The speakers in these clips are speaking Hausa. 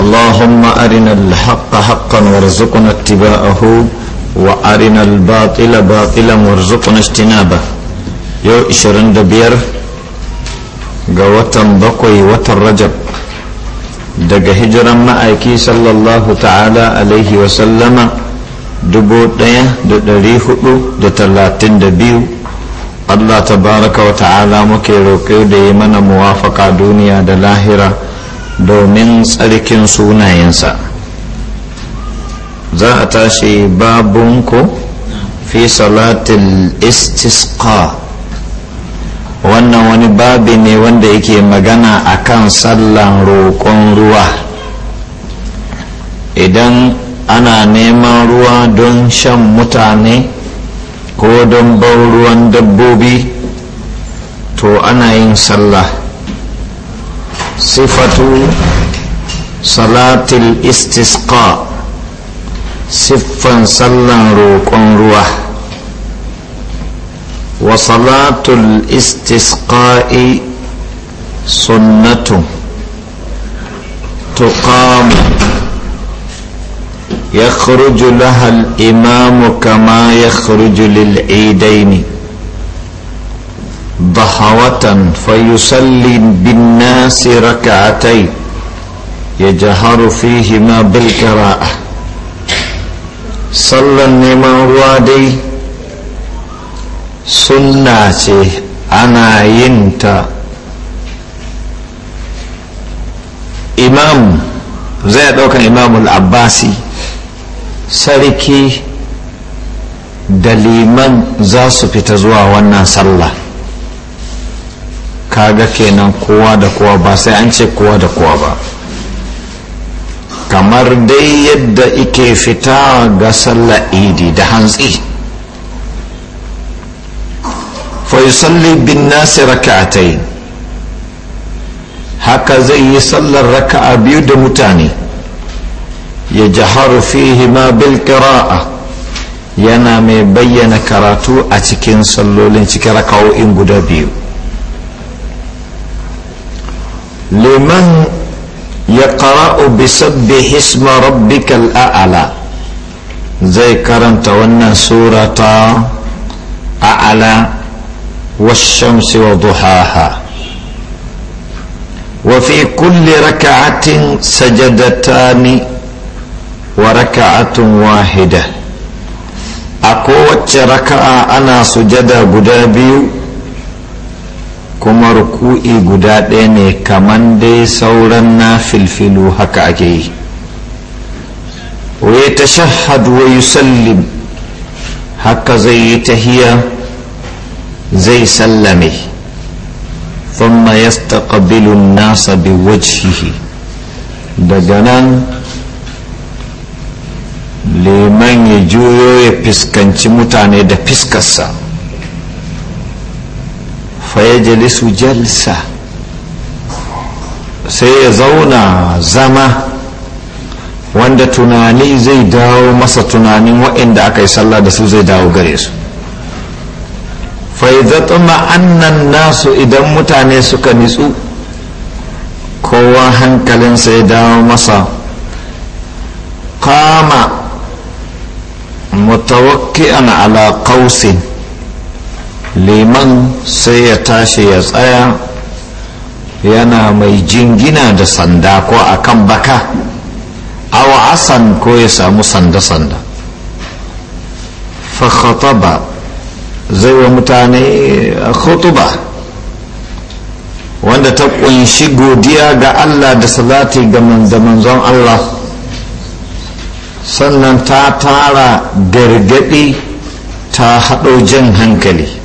اللهم أرنا الحق حقا وارزقنا اتباعه وأرنا الباطل باطلا وارزقنا اجتنابه يو إشرن دبير قوة بقوي وترجب daga hijiran ma'aiki sallallahu ta'ala alaihi wasallama dubu daya da dari hudu da talatin da biyu allah tabaraka wa ta'ala muke roƙo da yi mana muwafaka duniya da lahira domin tsarkin sunayensa za a tashi babunku fi salatin istisqa wannan wani babi ne wanda yake magana a kan sallan roƙon ruwa idan ana neman ruwa don shan mutane ko don ban ruwan dabbobi to ana yin sallah صفة صلاة الاستسقاء صفا صلى روكون روح وصلاة الاستسقاء سنة تقام يخرج لها الإمام كما يخرج للعيدين dahawatan fayusalli bin nasi raka'atai ya jaharu fihi ma bil qira'a sallan neman ruwa dai sunna ce ana yin ta imam zai daukan imam al-abbasi sarki da liman za su fita zuwa wannan sallah kaga kenan kowa da kowa ba sai an ce kowa da kowa ba kamar dai yadda ike fita ga sallar idi da hantsi faisalli bin nasi raka'atai haka zai yi sallar raka'a biyu da mutane ya jahar fihima bil qira'a yana mai bayyana karatu a cikin sallolin cikin raka'o'in guda biyu liman yaqra'u bisabbi isma rabbikal a'la zai karanta wannan surata a'la والشمس وضحاها وفي كل ركعة سجدتان وركعة واحدة أقوى ركعة أنا سجدة biyu. kuma ruku'i guda ɗaya ne kaman dai sauran na filfilu haka ake yi wa ta tashahadu wa yusallim haka zai yi tahiya zai sallame thumma yastaqbilu an-nasa biwajhihi daga nan liman ya juyo ya fiskanci mutane da fiskarsa fayajalisu jalsa sai ya zauna zama wanda tunani zai dawo masa tunanin waɗanda aka yi sallah da su zai dawo gare su faizatsuma annan nasu idan mutane suka nitsu kowa hankalinsa ya dawo masa kama mutawakki'an ala kausin liman sai ya tashi ya tsaya yana mai jingina da sanda ko akan baka awa asan ko ya samu sanda-sanda fa zai wa mutane khutuba wanda ta kunshi godiya ga Allah da salati ga manzon Allah sannan ta tara gargadi ta haɗo jan hankali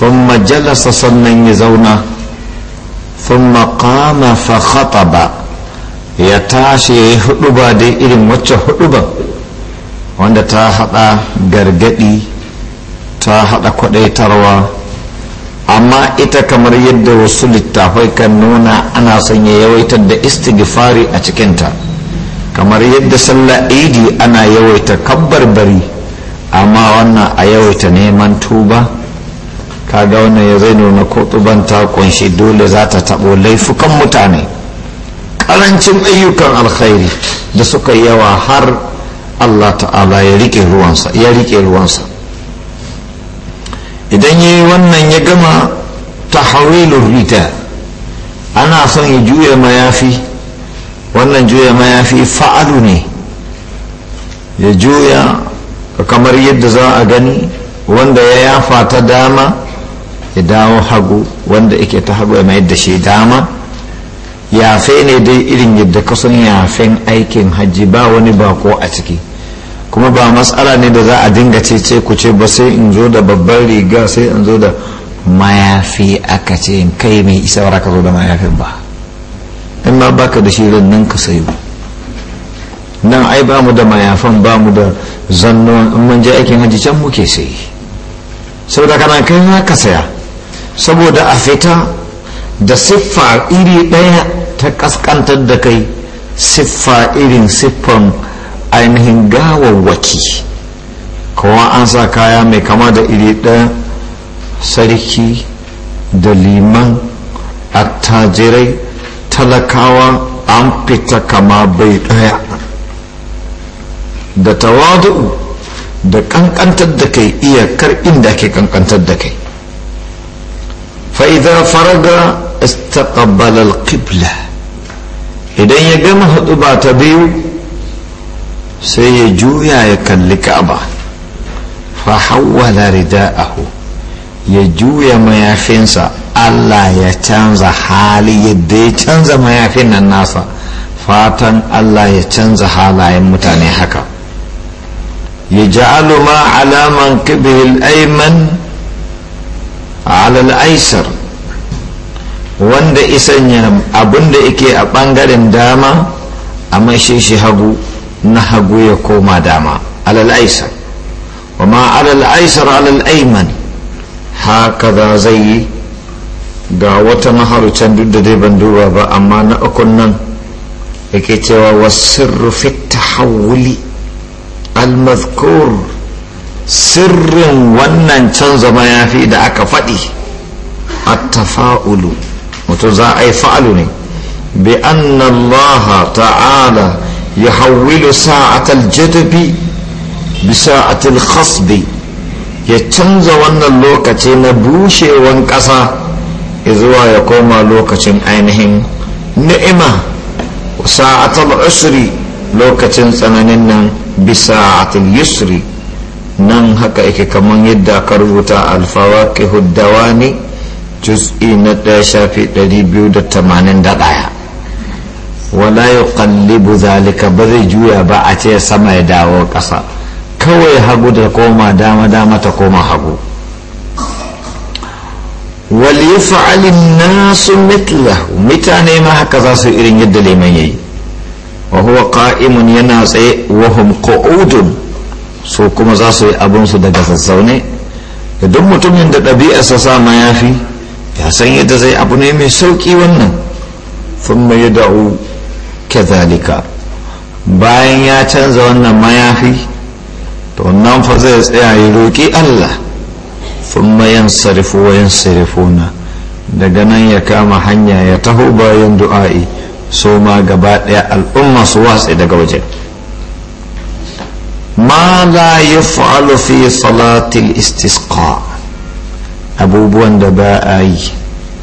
ثم جلس sannan ya zauna ثم قام فخطب ya tashi ya yi huduba dai irin wacce huduba wanda ta haɗa gargadi ta hada kwadaitarwa amma ita kamar yadda wasu littafai kan nuna ana sanya yawaitar da istighfari a cikinta kamar yadda sallar idi ana yawaita kabbar bari amma wannan a yawaita neman tuba kaga wannan ya zai nuna ko ta kunshi dole za ta taɓo laifukan mutane ƙarancin ayyukan alkhairi da suka yawa har allah ta'ala ya rike ruwansa ya rike ruwansa idan ya yi wannan ya gama tahawilur rita ana son ya juya mayafi wannan juya mayafi fa'alu ne ya juya kamar yadda za a gani wanda ya yafa ta dama ya dawo hagu wanda yake ta hagu ya mayar da shi dama yafe ne dai irin yadda kasan yafen aikin hajji ba wani bako a ciki kuma ba matsala ne da za a dinga ce ce ku ce ba sai in zo da babban riga sai in zo da mayafi aka ce in kai mai isa ka zo da mayafin ba in ma baka da shi nan ka sayo nan ai ba mu da mayafan ba mu da zannuwan in mun je aikin hajji can muke sayi saboda kana kai ma ka saya saboda a fita da siffa iri ɗaya ta kaskantar da kai siffa irin siffan ainihin gawawwaki kawai an sa kaya mai kama da iri ɗaya sarki da liman attajirai talakawa an fita kama bai ɗaya da tawadu da kankantar da kai iya kar inda ke kankantar da kai فإذا فرغ استقبل القبلة إذا يجمع هدوبا تبيو يا يكل كعبة فحول رداءه يجويا ما يفنسا الله يتنزى حالي يدي تنزى ما يفن الناس فاتن الله يتنزى حالي متاني حكا يجعل ما على ma alaman kibihil alal aisar wanda isanya abinda yake a bangaren dama a mashe shi hagu na hagu ya koma dama alal aisar wa ma alal aisar alal aiman haka za zai yi ga wata maharucan duk da dai ban duba ba amma na ukun nan yake cewa wasu rufe tahawuli al-mazkur sirrin wannan canza mayafi da aka faɗi a tafa'ulu wato za a yi fa'alu ne bi anna Allah ta'ala ya hawilu sa'atal jadabi bi sa'atal khasbi ya canza wannan lokaci na bushewan ƙasa zuwa ya koma lokacin ainihin ni'ima sa'atal usri lokacin tsananin nan bi sa'atal yusri nan haka yake kaman yadda ka rubuta alfawa huddawa ne juz'i na ɗaya shafi ɗari biyu da da ɗaya. wala kalli zalika ba zai juya ba a ce sama ya dawo ƙasa kawai hagu da koma dama dama ta koma hagu wal yi fa'alin nasu mithlahu mutane ma haka za su irin yadda liman yayi wa huwa qa'imun yana tsaye wa hum qu'udun so kuma za su yi abinsu daga sassaune da duk mutumin da ɗabi'arsa sa mayafi ya san yadda zai abu ne mai sauƙi wannan sun mai da'u kazalika bayan ya canza wannan mayafi to wannan fa zai tsaya ya roƙi allah sun mayan sarrafu wayan sarrafuna daga nan ya kama hanya ya taho bayan du'a'i so ma gaba ɗaya al'umma su watsi daga wajen ماذا يفعل في صلاة الاستسقاء أبو أبوبوان دباء أي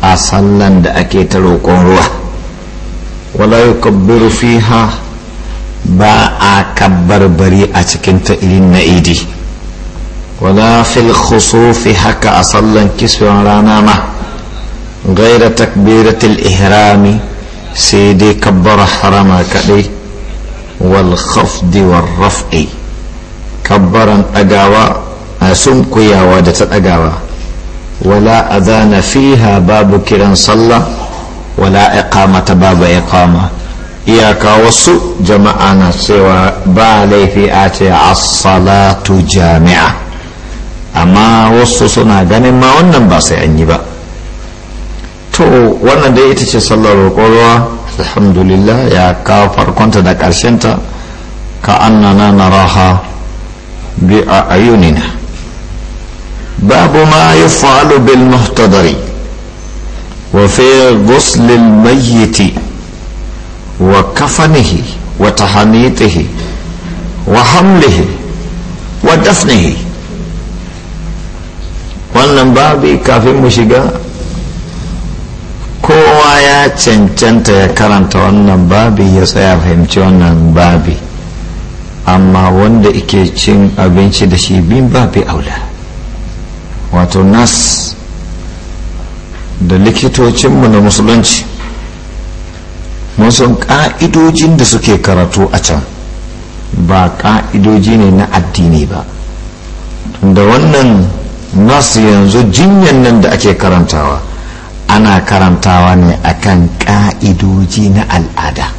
أصلا دأكي تلوكون روح ولا يكبر فيها باء كبر بريء أتكنت إلينا إيدي ولا في الخصوف هكا أصلا كسوى رانامة غير تكبيرة الإهرام سيدي كبر حرمك والخفض والرفع kabbaran ɗagawa a sun kuyawa da ta ɗagawa wala azana fiha babu kiran sallah wala ta babu iqama iyaka wasu jama'a na cewa ba laifi a ce as-salatu jami'a amma wasu suna ganin ma wannan ba sai an yi ba to wannan dai ita ce sallar roƙorwa alhamdulillah ya kawo farkonta da ƙarshenta ka annana na raha بأعيننا باب ما يفعل بالمحتضر وفي غسل الميت وكفنه وتحنيطه وحمله ودفنه wannan babi kafin mu shiga kowa ya cancanta ya karanta wannan babi ya tsaya fahimci wannan babi amma wanda ike cin abinci da shi bin ba fi aula wato nas da likitocinmu na musulunci mun san ƙa'idojin da suke karatu a can ba ƙa'idoji ne na addini ba da wannan nas yanzu jinyan nan da ake karantawa ana karantawa ne a kan ƙa'idoji na al'ada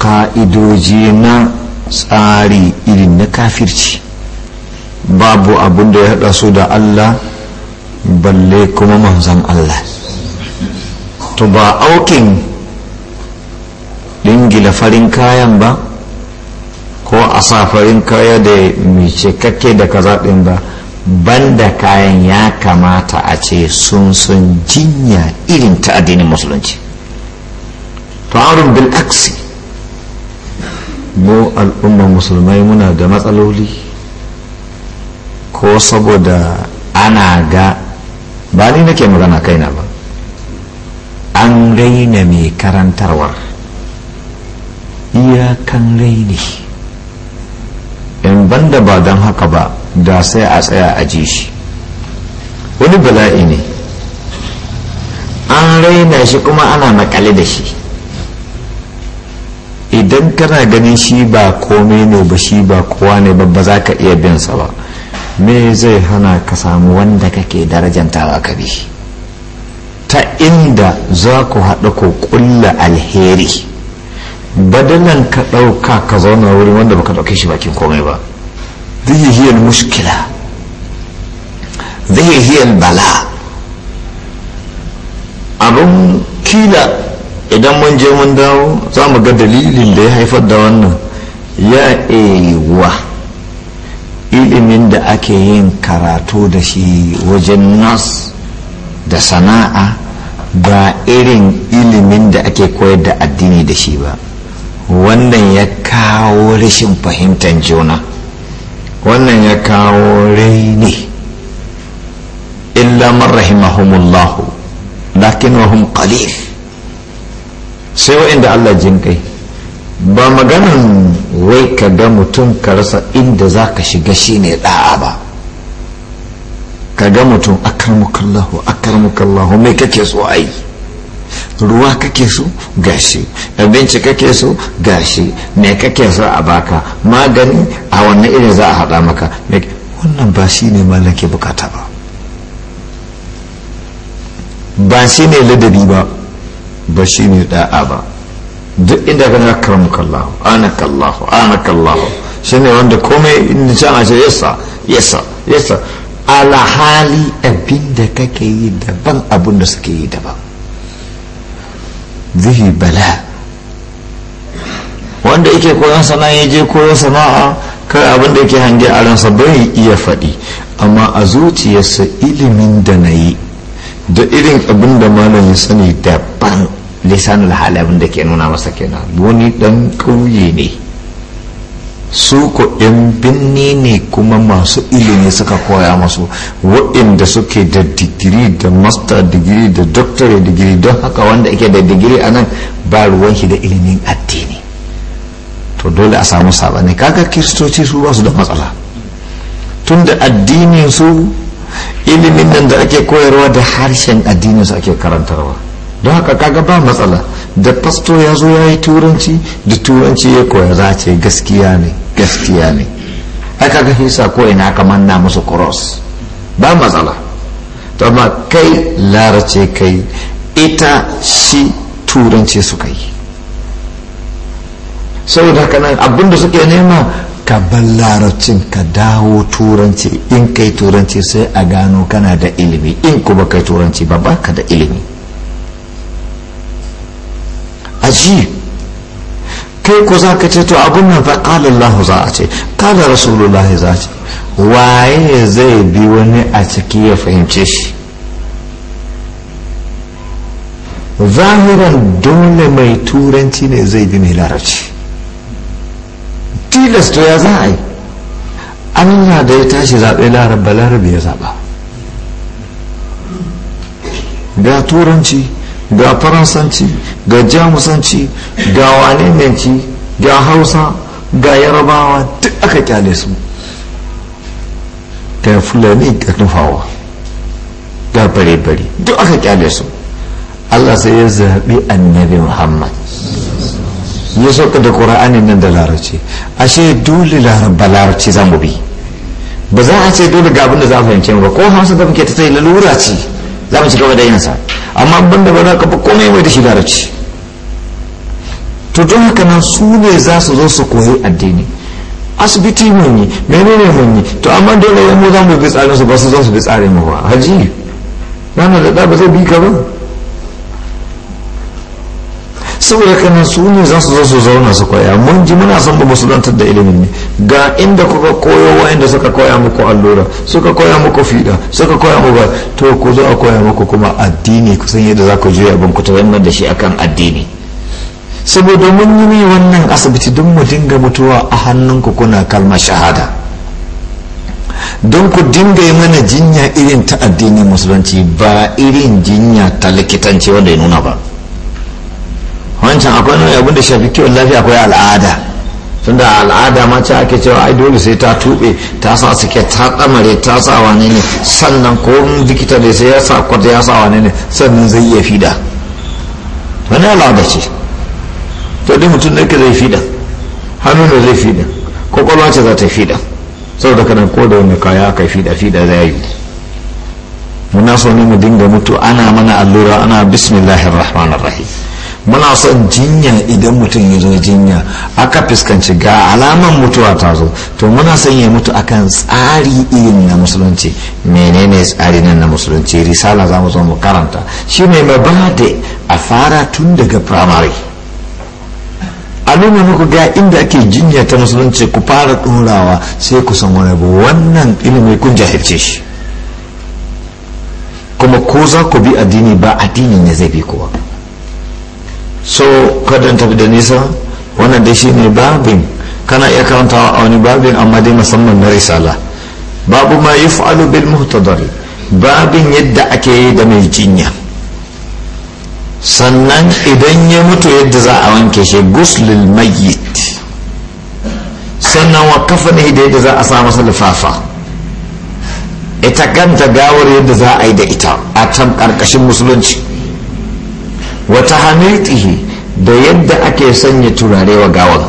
ƙa'idoji na tsari irin na kafirci babu abin da ya haɗa su da Allah balle kuma manzan Allah to ba aukin dingila farin kayan ba ko a sa farin kaya da mai cikakke da kaza ɗin ba banda kayan ya kamata a ce sun sun jinya irin ta addinin musulunci to bil aksi mu al'ummar musulmai muna da matsaloli ko saboda ana ga ba ni nake magana kaina ba an raina mai karantarwar kan raini in banda ba don haka ba da sai a tsaya a ji shi wani bala'i ne an raina shi kuma ana makale da shi idan kana ganin shi ba komai ne ba shi ba kowa ne ba ba za ka iya bin sa ba me zai hana ka samu wanda kake darajantawa ka bi ta inda za ku haɗa ku ƙulla alheri badalan ka ɗauka ka zauna wuri wanda baka ɗauke shi bakin komai ba zai hiyar mushkila zai hiyar bala abin kila idan mun je mun dawo za mu ga dalilin da ya haifar da wannan ya wa ilimin da ake yin karatu da shi wajen nas da sana'a ba irin ilimin da ake koyar da addini da shi ba wannan ya kawo rashin fahimtar juna wannan ya kawo raini illa rahimahumullahu lakin wahum qalil sai wa'inda Allah jin kai ba maganan wai ka ga mutum ka rasa inda za ka shiga shi ne da'a ba ka ga mutum akarmukallahu akarmukallahu mai kake so a yi ruwa kake so gashi abinci kake so gashi me kake so a baka magani a wannan irin za a haɗa maka wannan ba shi ne malam bukata ba ba shi ne ladabi ba ba shi ne da'a ba duk inda ka na karamu kallahu ana kallahu ana kallahu shi ne wanda komai inda can a ce yasa yasa yasa alhali abin da kake yi daban abin da suke yi daban zihi bala wanda yake koyon sana'a ya je koyon sana'a kai abin da yake hange a ransa bai iya faɗi amma a zuciyarsa ilimin da na yi da irin abin da malam ya sani daban lisanul hali abinda da ke nuna masa kenan wani dan ƙauye ne su ko ɗin ne kuma masu ilimi suka koya masu waɗanda suke da digiri da master digiri da doctorate digiri don haka wanda ake da digiri a nan ba ruwan shi da ilimin addini to dole a samu saɓani kaga kiristoci su ba su da matsala tun da addinin su ilimin nan da ake koyarwa da harshen addinin su ake karantarwa don haka kaga ba matsala da fasto ya zo ya yi turanci da turanci ya koya za ce gaskiya ne gaskiya ne ai kaga hisa ko ina ka manna musu cross ba matsala to amma kai larace kai ita shi turanci su kai saboda haka nan abinda suke nema ka bar larabcin ka dawo turanci in kai turanci sai a gano kana da ilimi in kuma kai turanci ba ka da ilimi aji kai ko za ka ce to abun nan fa kala Allah za a ce kala rasulullahi za a ce waye zai bi wani a ciki ya fahimce shi zahiran dole mai turanci ne zai bi mai larabci tilas ya za a yi allah da ya tashi zaɓe larabba larabi ya zaɓa ga turanci ga faransanci ga jamusanci ga wanenenci ga hausa ga yarabawa duk aka kyale su ga fulani ga nufawa ga bare-bare duk aka kyale su allah sai ya zaɓi annabi muhammad ya sauka da ƙura'anin nan da larabci ashe dole larabba larabci za mu bi ba za a ce dole ga abin da za a fahimce ba ko hausa da muke ta tsaye lalura ce za mu ci gaba da yin sa amma ban da bana kafa komai mai da shi larabci to don haka nan su ne za su zo su koyi addini asibiti mun yi menene mun yi to amma dole mu za mu bi tsarin su ba su zo su bi tsarin mu ba haji yana da ba zai bi ka ba saboda kanan su ne za su zo su zauna su koya mun ji muna son ba su zantar da ilimin ne ga inda kuka koyo inda suka koya muku allura suka koya muku fiɗa suka koya muku to ku zo a koya muku kuma addini ku san yadda za ku juya ban ku tawannar da shi akan addini saboda mun yi ne wannan asibiti don mu dinga mutuwa a hannun ku kuna kalma shahada don ku dinga yi mana jinya irin ta addinin musulunci ba irin jinya ta likitanci wanda ya nuna ba wancan akwai nan abin da shafi kiwon lafiya akwai al'ada tunda al'ada ma ce ake cewa ai dole sai ta tube ta sa suke ta kamare ta sa wane ne sannan ko likita ne sai ya sa kwata ya sa wane ne sannan zai iya fida wani al'ada ce to duk mutum ne zai fida hannu ne zai fida kwakwalwa ce za ta fida saboda kana ko da wani kaya aka fida fida zai yi muna so ne mu dinga mutu ana mana allura ana bismillahir rahmanir rahim muna son jinya idan mutum ya zo jinya aka fuskanci ga alaman mutuwa ta zo to muna son ya mutu akan tsari irin na musulunci menene tsari nan na musulunci risala za mu zo mu karanta shi ne mai ba da a fara tun daga firamare a nuna muku ga inda ake jinya ta musulunci ku fara ɗorawa sai ku san wani wannan ilimi kun jahilce shi kuma ko za ku bi addini ba addini ne zai bi kowa so kwadon tafi da nisa wannan shi ne babin kana iya karantawa a wani babin amma dai musamman na risala babu ma fa'alu bil muhtadari babin yadda ake yi da mai jinya sannan idan ya mutu yadda za a wanke shi guslil mayyit sannan wa kafani da yadda za a sa masa lifafa ita kanta gawar yadda za a yi da ita a can karkashin musulunci wata hamiltihi da yadda ake sanya turare wa gawar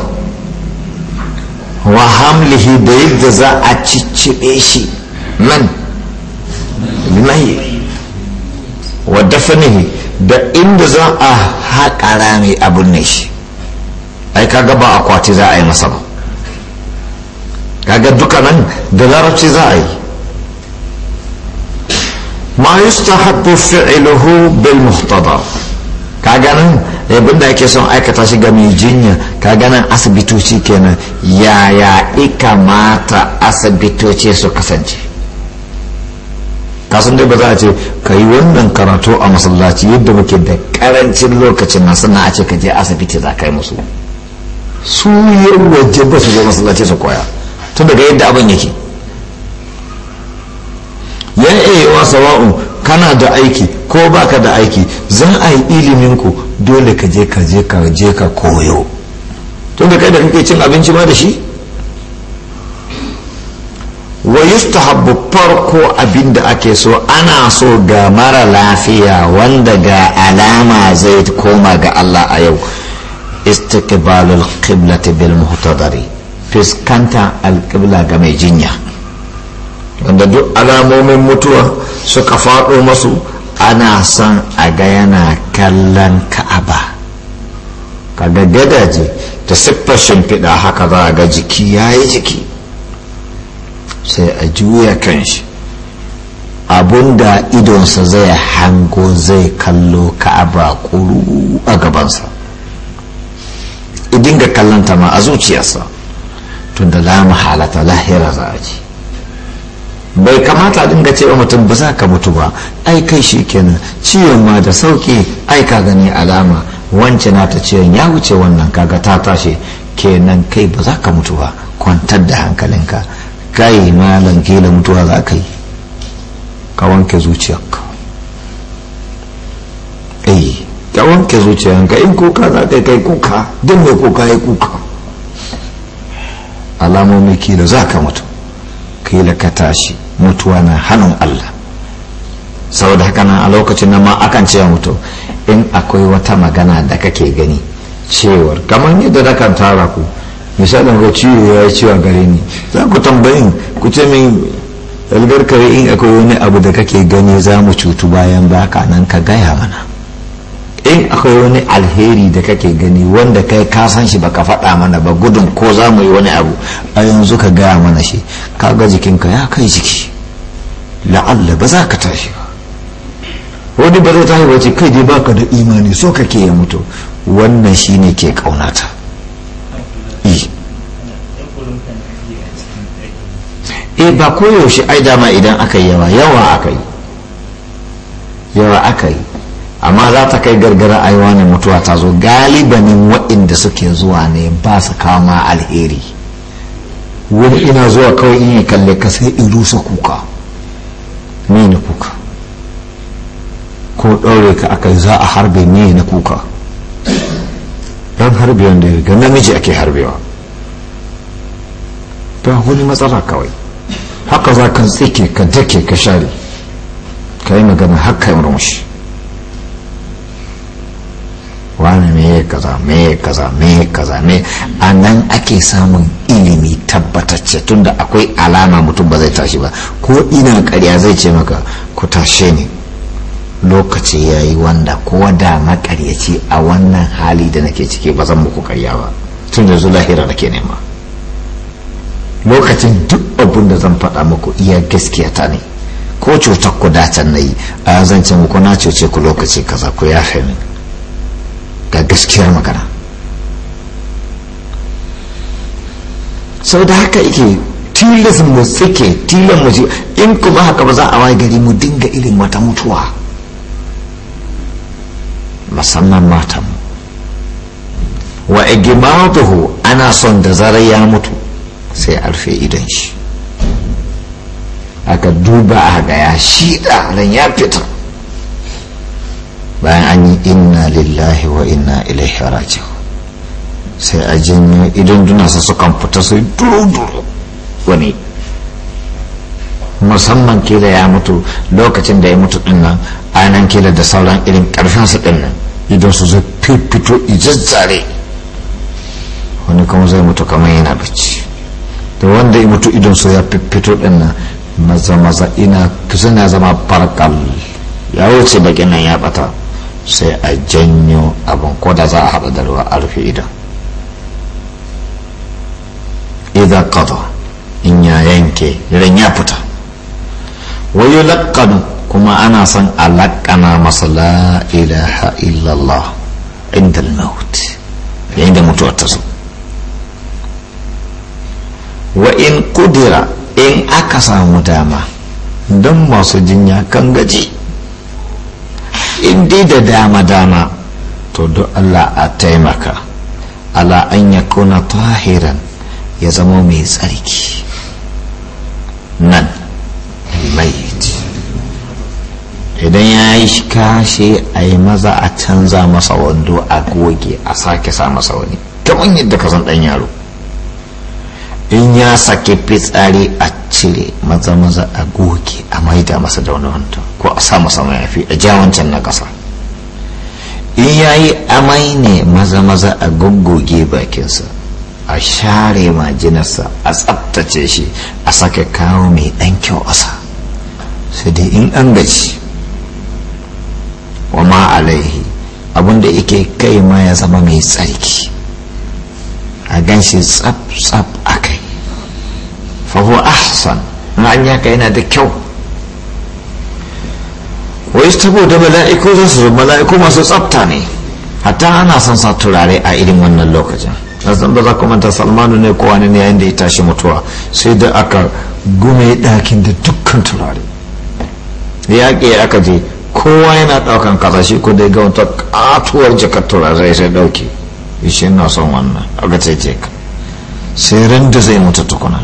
wa hamlihi da yadda za a ciccibe shi nan nahi wa dafanihi da inda za a haƙa rami abin ne shi ai kaga ba akwati za a yi masa ba kaga duka nan da larabci za a yi ma yustahabbu fi'luhu bil muhtadar ka ganin abin da yake son aikata shi ga mai jinya ka ganin asibitoci kenan yaya ika mata asibitoci su kasance kasan dai ba za a ce ka yi wannan karatu a masallaci yadda muke da karancin lokacin na sannan a ce ka je asibiti za ka yi musu su yi waje ba su zo masallaci su koya tun daga yadda abin yake yan iya sawa'u kana da aiki ko baka da aiki zan a yi ilimin ku dole ka je ka je ka je ka koyo tun da kai da kake cin abinci ma da shi wa yustahabbu farko abin da ake so ana so ga mara lafiya wanda ga alama zai koma ga Allah a yau istiqbalul qiblati bil muhtadari fuskantar alqibla ga mai jinya wanda duk alamomin mutuwa suka faɗo masu ana son a ga yana kallon ka'aba kaga gadaje ta siffar shimfiɗa haka za ga jiki ya yi jiki sai a juya kan shi abunda idonsa zai hango zai kallo ka'aba kuru a gabansa idin ga kallon ta ma a zuciyarsa tunda la mahalata lahira za a ji bai kamata dinga cewa mutum ba za ka mutu ba ai kai shi kenan ciwon ma da sauki ai ka gani alama wance na ta ciwon ya wuce wannan kaga ta tashi kenan kai ba za ka mutu ba kwantar da hankalinka kai malam kila mutuwa za ka yi ka wanke zuciyarka ai eh, ka wanke zuciyarka in kuka za ka kai kuka duk mai kuka ya kuka alamomi kila za ka mutu kila ka tashi mutuwa na hannun Allah saboda haka nan a lokacin nan ma akan ce mutu in akwai wata magana da kake gani cewar kamar yadda da kan tara ku misalin ga ciwo ya yi ciwon gare ni za ku tambayin ku ce min algar kare in akwai wani abu da kake gani za mu cutu bayan baka nan ka gaya mana in akwai wani alheri da kake gani wanda kai ka san shi baka faɗa mana ba gudun ko za mu yi wani abu a yanzu ka gaya mana shi ga jikinka ya kai jiki la'alla ba za ka tashi ba wani ba zai tashi ba ce kai dai baka da imani so kake ya mutu wannan ne ke kaunata e eh, ba koyaushe ai dama idan aka yi yawa yawa aka yi yawa aka yi amma za ta kai gargara aiwa ne mutuwa ta zo galibanin waɗanda suke zuwa ne ba su kama alheri wani ina zuwa kawai in yi kalle ka sai in rusa kuka me na kuka ko ɗaure ka aka za a harbe me na kuka don harbe wanda ya ga namiji ake harbewa ba wani matsala kawai haka za ka tsike ka dake ka share ka yi magana har ka yi murmushi wani me ya kaza me ya kaza me ya kaza me a nan ake samun ilimi tabbatacce tunda akwai alama mutum ba zai tashi ba ko ina karya zai ce maka ku tashe ni lokaci ya yi wanda ko da makaryaci a wannan hali da nake ciki ba zan muku karya ba tun yanzu lahira nake nema lokacin duk abin da zan faɗa muku iya gaskiya ta ne ko cutar ku dace na yi a zancen muku na cuce ku lokaci kaza ku ya fahimta. ga gaskiyar magana sau da haka ike tilas mu suke tilas mu in kuma haka ba za a waye gari mu dinga irin wata mutuwa musamman matan wa igimatuhu ana son da zarar ya mutu sai a rufe idon shi aka duba a ga ya shida ran ya fita bayan an yi inna lillahi wa inna ilaihi raji sai a janyo idan su sukan fita sai duru-duru wani musamman kila ya mutu lokacin da ya mutu dinnan anan kila da sauran irin karfin su dinnan idan su zai fito zare wani kuma zai mutu kamar yana bacci da wanda ya mutu idan su ya fito dinnan maza maza ina suna zama farkal ya wuce bakin nan ya bata sai a janyo abin ko za a haɗa da ruwa a rufe idan idan kaza in ya yanke idan ya fita wayo laƙanu kuma ana son a laƙana masa la ilaha illallah inda maut yayin da mutuwar ta zo wa in kudira in aka samu dama don masu jinya kan gaji in dai da dama-dama to duk allah a taimaka ala an ya kuna tahiran ya zama mai tsarki nan mait idan ya yi kashe a yi maza a canza masa wando a goge a sake sa masa wani kamar yadda ka san dan yaro in ya sake fitsari a cire maza maza a goge a maida masa da wani ko a sa masa mayafi a ja wancan na kasa in ya yi amai ne maza maza a goggoge bakinsa a share majinarsa a tsabtace shi a sake kawo mai ɗan kyau asa sai dai in an gaci wa ma alaihi abinda yake kai ma ya zama mai tsarki a gan shi tsab tsab fahu ahsan ahsan an yaka yana da kyau wai da mala'iku za su zo mala'iku masu tsafta ne hatta ana son sa turare a irin wannan lokacin san ba za ku manta salmanu ne kowa ne yayin da ya tashi mutuwa sai da aka gume dakin da dukkan turare yaƙi aka je kowa yana ɗaukan kasa shi ko dai ga wata ƙatuwar jakar turare sai ɗauke shi na son wannan aka ce sai ran da zai mutu tukuna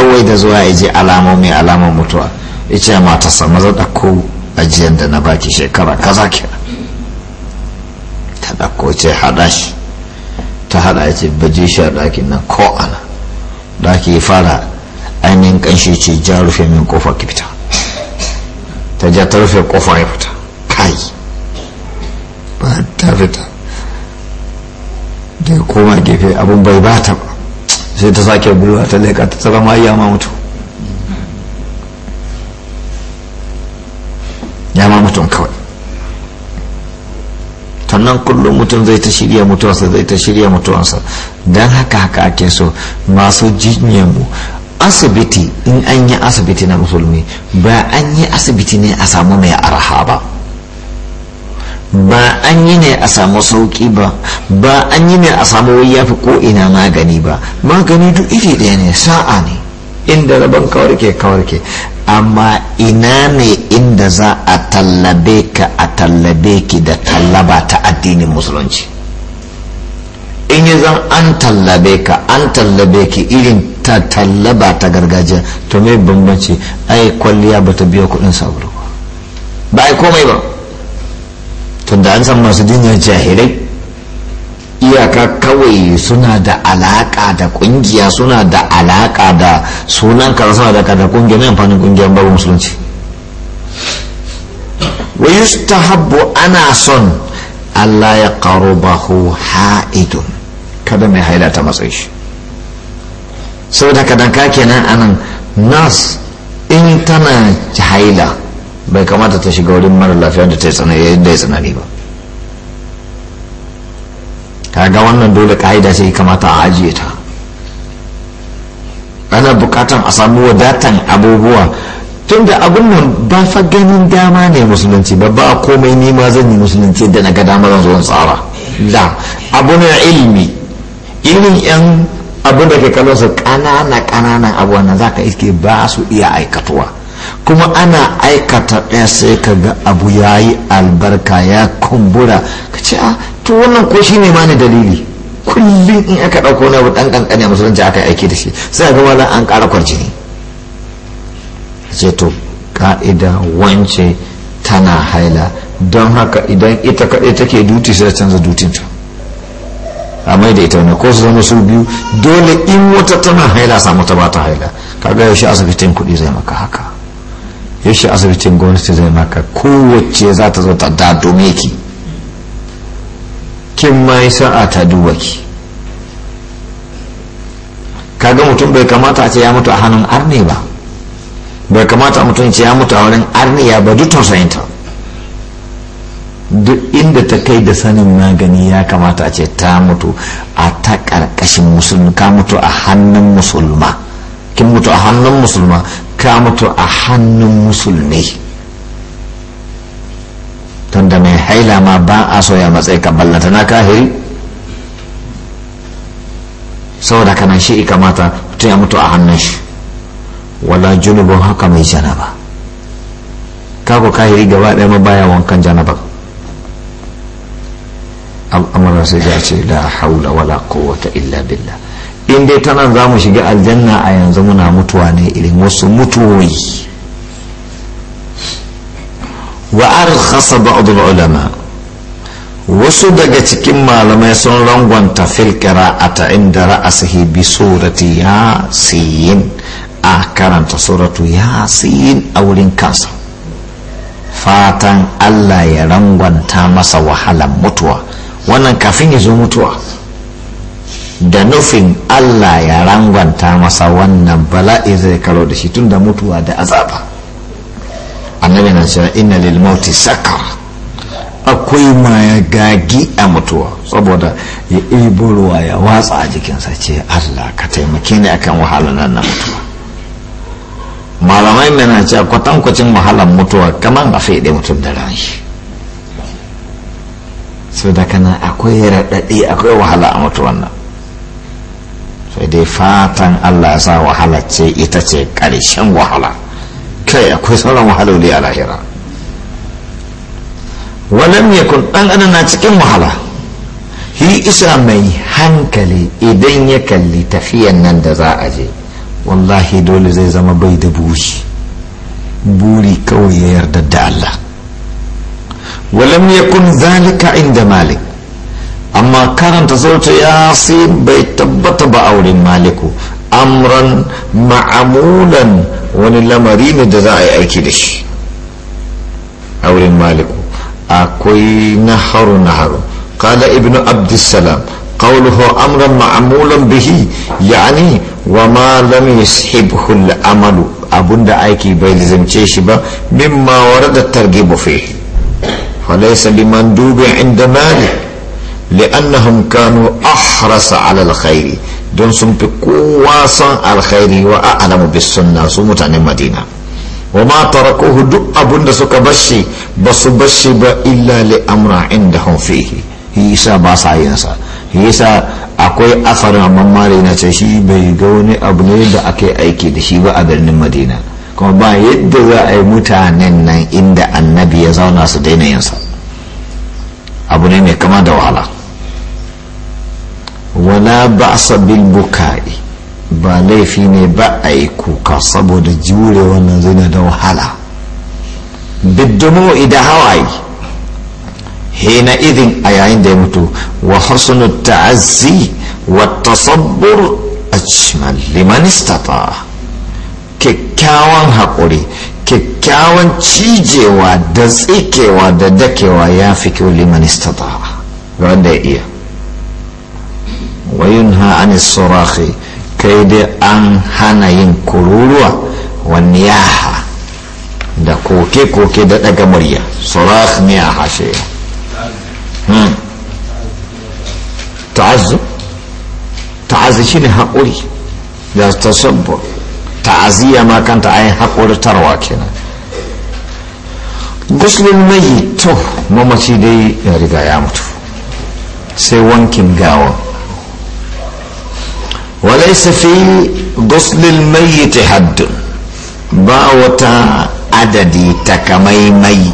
kawai da zuwa ya je alamomi alamar mutuwa ya ce matarsa maza ɗauko ajiyar da na baki shekara kaza kenan ta ɗauko ce hada shi ta hada ya ce baje shi a ɗakin nan ko ana ɗaki fara ainihin ƙanshi ce ja rufe min ƙofa ki fita ta ja ta rufe kofa ya fita kai ba ta fita da ya koma gefe abin bai bata ba sai ta sake bulwa ta leka ta tsara ma iya ma mutu ya ma mutum kawai sannan kullum mutum zai ta shirya mutuwarsa zai ta shirya mutuwarsa don haka haka ake so masu mu asibiti in an yi asibiti na musulmi ba an yi asibiti ne a samu mai arha ba ba an yi ne a samu sauki ba ba an yi ne a samu wai ya fi ko'ina magani ba magani duk iri ɗaya ne sa'a ne inda rabon kawarke kawarke amma ina ne inda za a tallabe ka a tallabe ki da tallaba ta addinin musulunci in yi zan an tallabe ka an tallabe ki irin ta tallaba ta gargajiya to mai bambanci ai kwalliya ba ta biya kudin sabulu ba ba ai komai ba tunda an san masu duniya jahilai iyaka kawai suna da alaka da kungiya suna da alaka da sunan karsa da kada kungiya mai amfanin kungiyar babu musulunci wa yustahabbu ana son Allah ya karo qarubahu ha'idun kada mai haila ta matsayi shi saboda kadan ka kenan anan nas in tana haila bai kamata ta shiga wurin mara lafiya da ta yi tsanani yadda ya tsanani ba ga wannan dole ka'ida sai kamata a ajiye ta ana bukatan a samu wadatan abubuwa tun da abun nan ba fa ganin dama ne musulunci ba ba komai ni ma zan yi musulunci da na ga dama zan zo tsara da abu na ilmi ilmin yan abun da ke kallon su kanana kananan na za zaka iske ba su iya aikatuwa kuma ana aikata ɗaya sai ka ga abu ya yi albarka ya kumbura ka ce a ah, to wannan ko shi ne ma ni dalili kullum in aka ɗauko na abu ɗan ƙanƙani a musulunci aka aiki da shi sai ga gama an ƙara kwarjini sai to ka'ida wance tana haila don haka idan ita kaɗai take duti sai canza dutinta a mai da ita wani ko su zama su biyu dole in wata tana haila samu ta ba ta haila kaga yaushe asibitin kuɗi zai maka haka yaushe asibitin gwamnati zai maka kowace za ta zo ta dome ki kin ma yi sa'a ta duba ki kaga mutum bai kamata a ce ya mutu a hannun arni ba bai kamata mutum ce ya mutu a wurin arni ya ba duk ta duk inda ta kai da sanin magani ya kamata a ce ta mutu a ta karkashin musulmi ka mutu a hannun musulma kin mutu a hannun musulma ka mutu a hannun musulmi tunda mai haila ma ba a so ya matsayi ka ballata na kahiri saboda kana shi kamata mutum ya mutu a hannun shi wala junubun haka mai janaba kago kahiri gaba ɗaya ma baya wankan janaba al'amuran sai ya ce la haula wala quwwata illa billah in dai ta nan za mu shiga aljanna a yanzu muna mutuwa ne irin wasu mutuwoyi wa ba'dul ulama wasu daga cikin malamai sun rangwanta filkira a qira'ata inda ra'asihi bi surati ya siyin a karanta suratu siyin a wurin kansa fatan Allah ya rangwanta masa wahalan mutuwa wannan kafin ya zo mutuwa da nufin Allah ya rangwanta masa wannan bala'i zai karo da shi tun da mutuwa da azaba annabi na cewa inna lil mauti sakar akwai ma gagi a mutuwa saboda ya ibo ruwa ya watsa a jikinsa ce Allah ka taimake ni akan wahalar nan na mutuwa malamai na cewa kwatankwacin wahalar mutuwa kamar a faɗe mutum da ran shi sau da kana akwai raɗaɗi akwai wahala a mutuwan nan da dai fatan allah sa wahala ce ita ce ƙarshen wahala kai akwai sauran wahaloli a lahira walam yakun ɗan adam na cikin wahala hi isa mai hankali idan ya kalli tafiyan nan da za a je wallahi dole zai zama bai da buri buri kawai ya yarda da allah walam yakun zalika inda malik amma karanta sautu ya bai tabbata ba auren maliku amran ma'amulan wani lamari ne da za a yi aiki da shi auren maliku akwai naharu naharu kala ibnu abdissalam qawluhu amran ma'amulan bihi yaani wa ma lam yushibhu al abunda aiki bai zance shi ba mimma da targe bufe falaysa liman duba inda malik لأنهم كانوا أحرص على الخير دون سنبقوا واصا الخير وأعلم بالسنة سمت عن المدينة وما تركوه دق أبن سك بشي بس بشي إلا لأمر عندهم فيه هيسا باسا ينسى هيسا akwai asarin mamari na ce shi bai ga wani abu ne da ake aiki da shi ba a birnin madina kuma ba yadda za a yi mutanen nan inda annabi ya zauna su daina yinsa abu ne mai kama da wahala ولا بأس بالبكاء بالي فيني بأي كوكا صبو دجولي ونزين دو حالا بالدمو إذا هواي هنا إذن أيعين دمتو وحسن التعزي والتصبر أجمل لمن استطاع كيكاوان هقولي كيكاوان تيجي ودزيكي ودكي ويافكي لمن استطاع وعند إياه wa yunha an surahi kai dai an hana yin kururuwa wa niyaha da koke-koke da daga murya surah niyaha shi hmm. ta'azzu ta'azzu shine haƙuri da tasabbur ta'aziyya ma kanta ayin haƙuritarwa kenan guslin mai to mamaci dai ya riga ya mutu sai wankin gawa وليس في غسل الميت حد باوتا عددي تكامي مي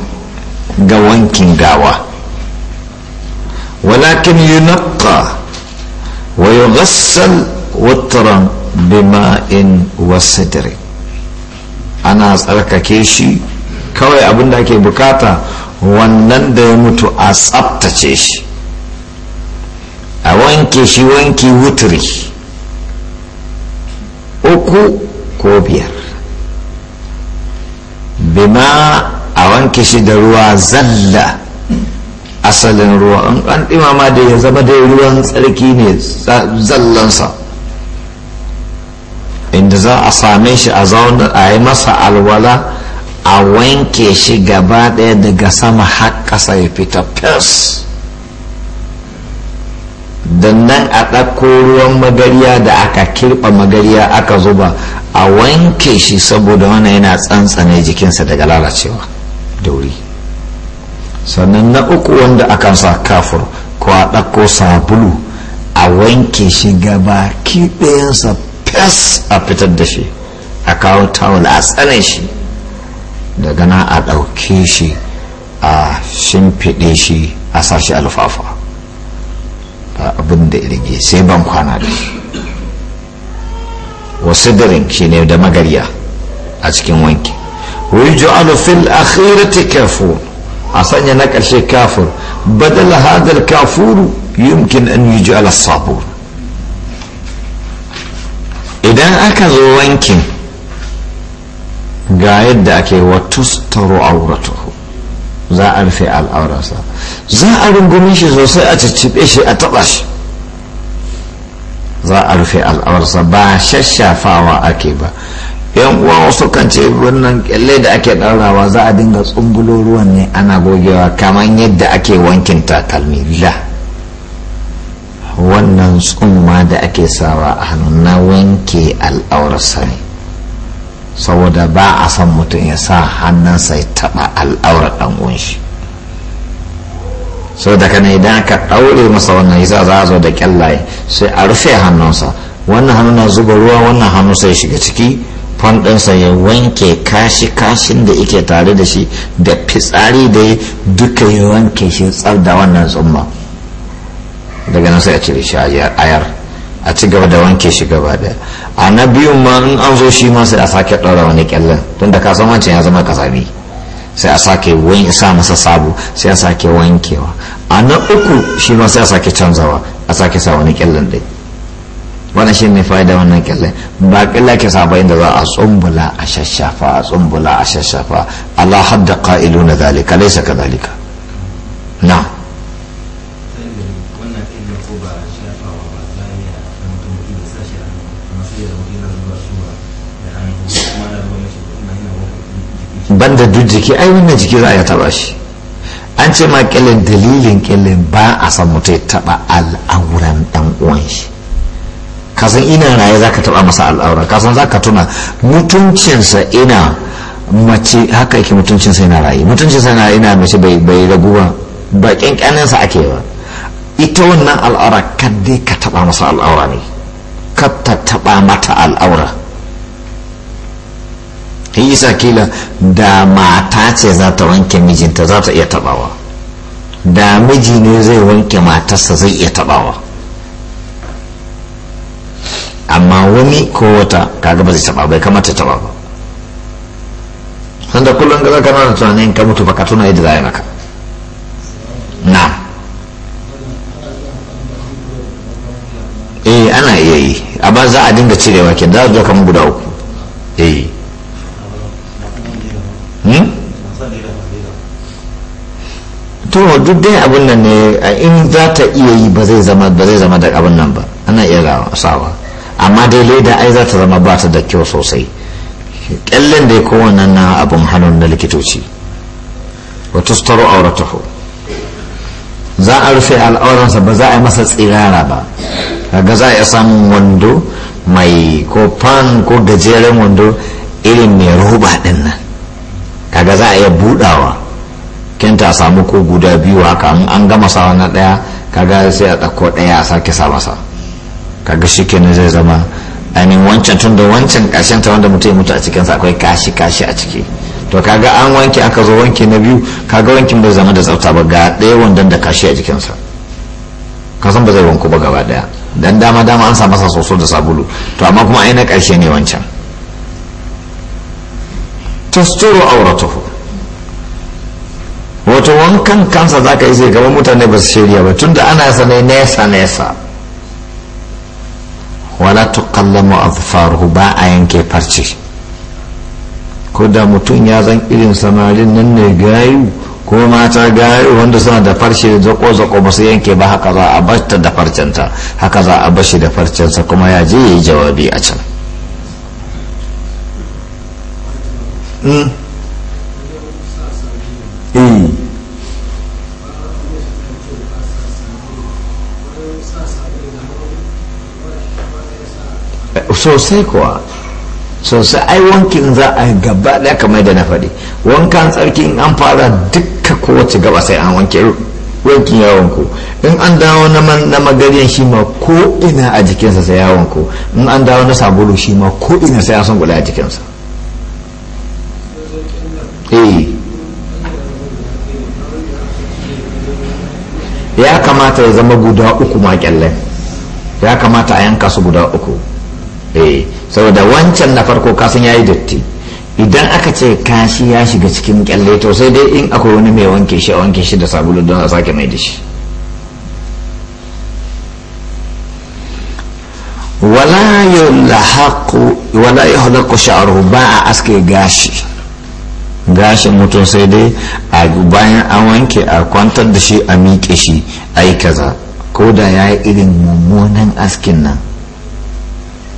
غوانكين غاوة ولكن ينقى ويغسل وترا بماء وسدر أنا أسألك كيشي كوي أبن داكي بكاتا wannan mutu a tsabtace shi a wanke shi uku ko biyar bima a wanke shi da ruwa zalla asalin ruwa an ɗimama da ya zama da ruwan tsarki ne zallansa inda za a same shi a zaune a yi masa alwala a wanke shi gaba ɗaya daga sama har ƙasa ya fita fes da nan a ɗakko ruwan magariya da aka kirɓa magariya aka zuba a wanke shi saboda wani yana tsantsane jikinsa daga lalacewa da wuri sannan na uku wanda aka sa kafur ko a ɗauko sabulu a wanke shi gaba kiɗayensa fes a fitar da shi a kawo tawul a tsane shi daga na a ɗauke shi a shimfiɗe shi a sashi alfafa ba abin da irge sai ban kwana da shi wasu dirin shi ne da magarya a cikin wanki ويجعل في الأخيرة كافور عصاني هناك الشيء كافر بدل هذا الكافور يمكن أن يجعل الصابون إذا أكذوا وانكن قاعد أكي وتستر عورته za a rufe al'aurarsa za a rungume shi sosai a ciccibe shi a taɓa shi za a rufe al'aurarsa ba shashafawa ake ba yan uwa wasu kan ce wannan kyalle da ake ɗaurawa za a dinga tsumbulo ruwan ne ana gogewa kamar yadda ake wankin takalmi la wannan tsumma da ake sawa a hannun na wanke al'aurarsa ne saboda ba a san mutum ya sa hannunsa ya taɓa al'aurar ɗan unshi sau da ne idan aka ɗaure masa wannan yasa za a zo da kyallaye sai a rufe hannunsa wannan hannu na zuba ruwa wannan hannu sai shiga ciki fanɗinsa ya wanke kashi kashin da yake tare da shi da fitsari da duka ya wanke shi tsar da wannan tsumma daga nan sai a cire shi a ayar a ci gaba da wanke shi gaba daya a na biyun ma in an zo shi ma sai a sake ɗora wani kyallen tun da kasan wancan ya zama kasabi sai a sake sa masa sabo sai a sake wankewa a na uku shi ma sai a sake canzawa a sake sa wani ƙyallen dai wannan shi ne fa'ida wannan kyallen ba kyalla ke saba inda za a tsumbula a shashafa a tsumbula a shashafa ala hadda kailu na zalika laisa zalika na banda duk jiki ai wannan jiki za a taba shi an ce ma kelen dalilin kelen ba a san mutum ya taba al'auran dan uwan shi kasan ina raye za ka taba masa al'aura kasan za ka tuna mutuncinsa ina mace haka yake mutuncinsa ina raye mutuncinsa yana ina mace bai bai ragu ba ba kyankyaninsa ake ba ita wannan al'aura kadai ka taba masa al'aura ne ka ta taba mata al'aura yasa kila da mata ce za ta wanke mijinta za ta iya tabawa da miji ne zai wanke matarsa zai iya tabawa amma wani ko wata kaga ba zai taba bai kamata taba ba sanda kullum ga zaka nuna tunanin ka mutu baka tuna yadda zai maka na eh ana iya yi amma za a dinga cirewa ke za a zo guda uku eh to duk dai abin nan ne a in za ta iya yi ba zai zama ba zai zama da abin nan ba ana iya sawa amma dai leda ai za ta zama ba ta da kyau sosai kyallen da ya kowane na abin hannun na likitoci wata staro auratahu za a rufe al'auransa ba za a yi masa tsirara ba kaga za a iya samun wando mai ko fan ko gajeren wando irin mai roba din nan kaga za a iya budawa kenta a samu ko guda biyu haka an gama sawa na daya kaga sai a ɗauko daya a sake sa masa kaga shi kenan zai zama ainihin wancan tun da wancan kashin ta wanda mutum ya mutu a cikinsa akwai kashi kashi a ciki to kaga an wanke aka zo wanke na biyu kaga wankin bai zama da tsafta ba ga daya wandan da kashi a jikinsa kasan ba zai wanku ba gaba daya dan dama dama an sa masa soso da sabulu to amma kuma ai karshe ne wancan tasturu auratuhu wato wankan kansa za ka yi sai gaba mutane ba su shirya ba tunda ana sanai nesa nesa wala a azfaruhu ba a yanke farce ko da mutum ya zan irin samarin nan ne gayu ko mata gayu wanda suna da farce zako zako ba su yanke ba haka za a bashta da farcenta haka za a bashi da farcensa kuma ya je ya yi jawabi a can hmm. sosai kuwa sosai ai wankin za a gaba daya kamar da na faɗi wankan tsarki in an fara duka kowace gaba sai an wanke wankin yawonku in an dawo na magaryan shi ma ko ina a jikinsa sai yawonku in an dawo na sabulu shi ma ko ina sai an san gula a jikinsa eh. ya kamata ya zama guda uku ma kyallen ya kamata a yanka su guda uku eh saboda wancan na farko kasan ya yi datti idan aka ce kashi ya shiga cikin kyalle to sai dai in akwai wani mai wanke shi a wanke shi da sabulu don a sake mai da shi wala yi wala sha'aru ba a aske gashi gashin mutum sai dai a bayan an wanke a kwantar da shi a miƙe shi yi kaza ko da ya yi irin mummunan askin nan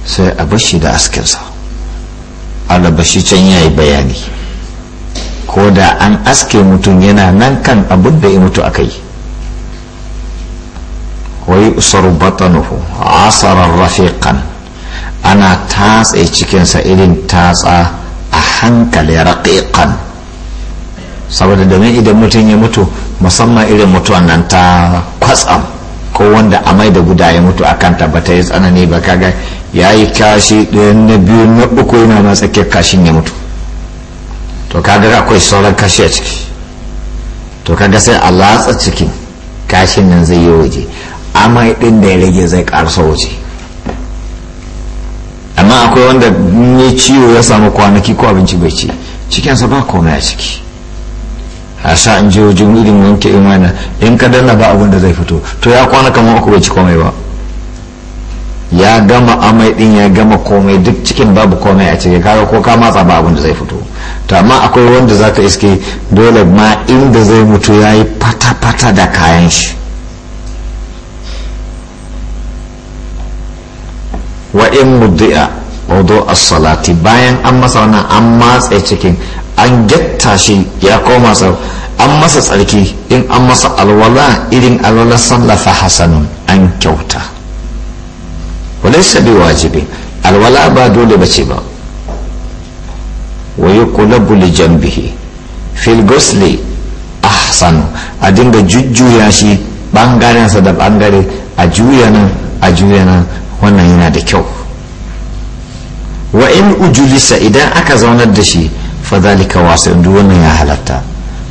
sai a bashi da askinsa alabashi can ya yi bayani ko da an aske mutum yana nan kan abin da ya mutu a kai wai usaru batanuhu asarar rafiqan ana tatsa cikinsa irin tatsa a hankali raƙiƙan saboda domin idan mutum ya mutu musamman irin mutuwan nan ta kwatsam ko wanda amai da guda ya mutu akan bata ya tsanani ba kaga ya yi kashi ɗaya na biyu na uku yana na tsakiyar kashin ya mutu to kaga akwai sauran kashi a ciki to kaga sai a latsa cikin kashin nan zai yi waje amai ɗin da ya rage zai ƙarsa waje amma akwai wanda ne ciwo ya samu kwanaki ko abinci bai ci cikinsa ba komai a ciki a sa in je wajen irin wanke imana in ka danna ba abin da zai fito to ya kwana kamar uku bai ci komai ba ya gama amai din ya gama komai duk cikin babu komai a cikin kaga ko ka matsa ba abin da zai fito to amma akwai wanda za ka iske dole ma inda zai mutu ya yi fata-fata da kayan shi wa in muddi'a wudu as-salati bayan an masa wannan an matse cikin an getta shi ya koma sau an masa tsarki in an masa alwala irin alwala sallafa hasanun an kyauta walaisa bi wajibi alwala ba dole ba ce ba wa kula buli jambihi fil ghusli ahsanu a dinga jujjuya shi bangarensa da bangare a juya nan a juya nan wannan yana da kyau wa in ujulisa idan aka zaunar da shi fa wasu wasi'un duk wannan ya halatta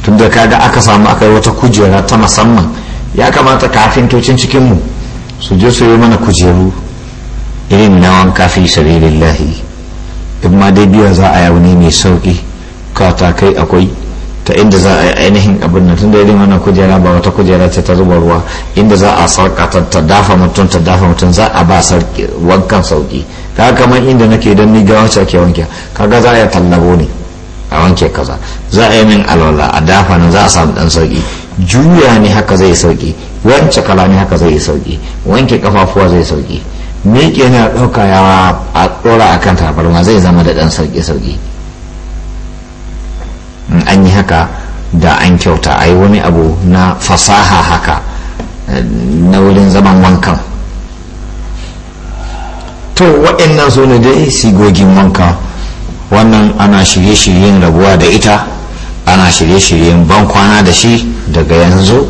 ka kaga aka samu aka yi wata kujera ta musamman ya kamata kafintocin cikin mu su je su yi mana kujeru irin na wanka fi sabilillahi in ma dai biya za a yauni mai sauki katakai akwai ta inda za a yi ainihin abin tun da irin wannan kujera ba wata kujera ce ta zuba ruwa inda za a sarka ta dafa mutum ta dafa mutum za a ba wankan sauki kaga kamar inda nake don ni gawa ake wanke kaga za a yi tallabo ne a wanke kaza za a yi min alwala a dafa nan za a samu dan sauki juya ne haka zai sauki wance kala ne haka zai sauki wanke kafafuwa zai sauki miƙe na ɗauka yawa a ɗora akan tabarma zai zama da dan sauki sauki in an yi haka da an kyauta a yi wani abu na fasaha haka na wurin zaman wankan to waɗannan su ne dai sigogin wanka wannan ana shirye-shiryen rabuwa da ita ana shirye-shiryen bankwana da shi daga yanzu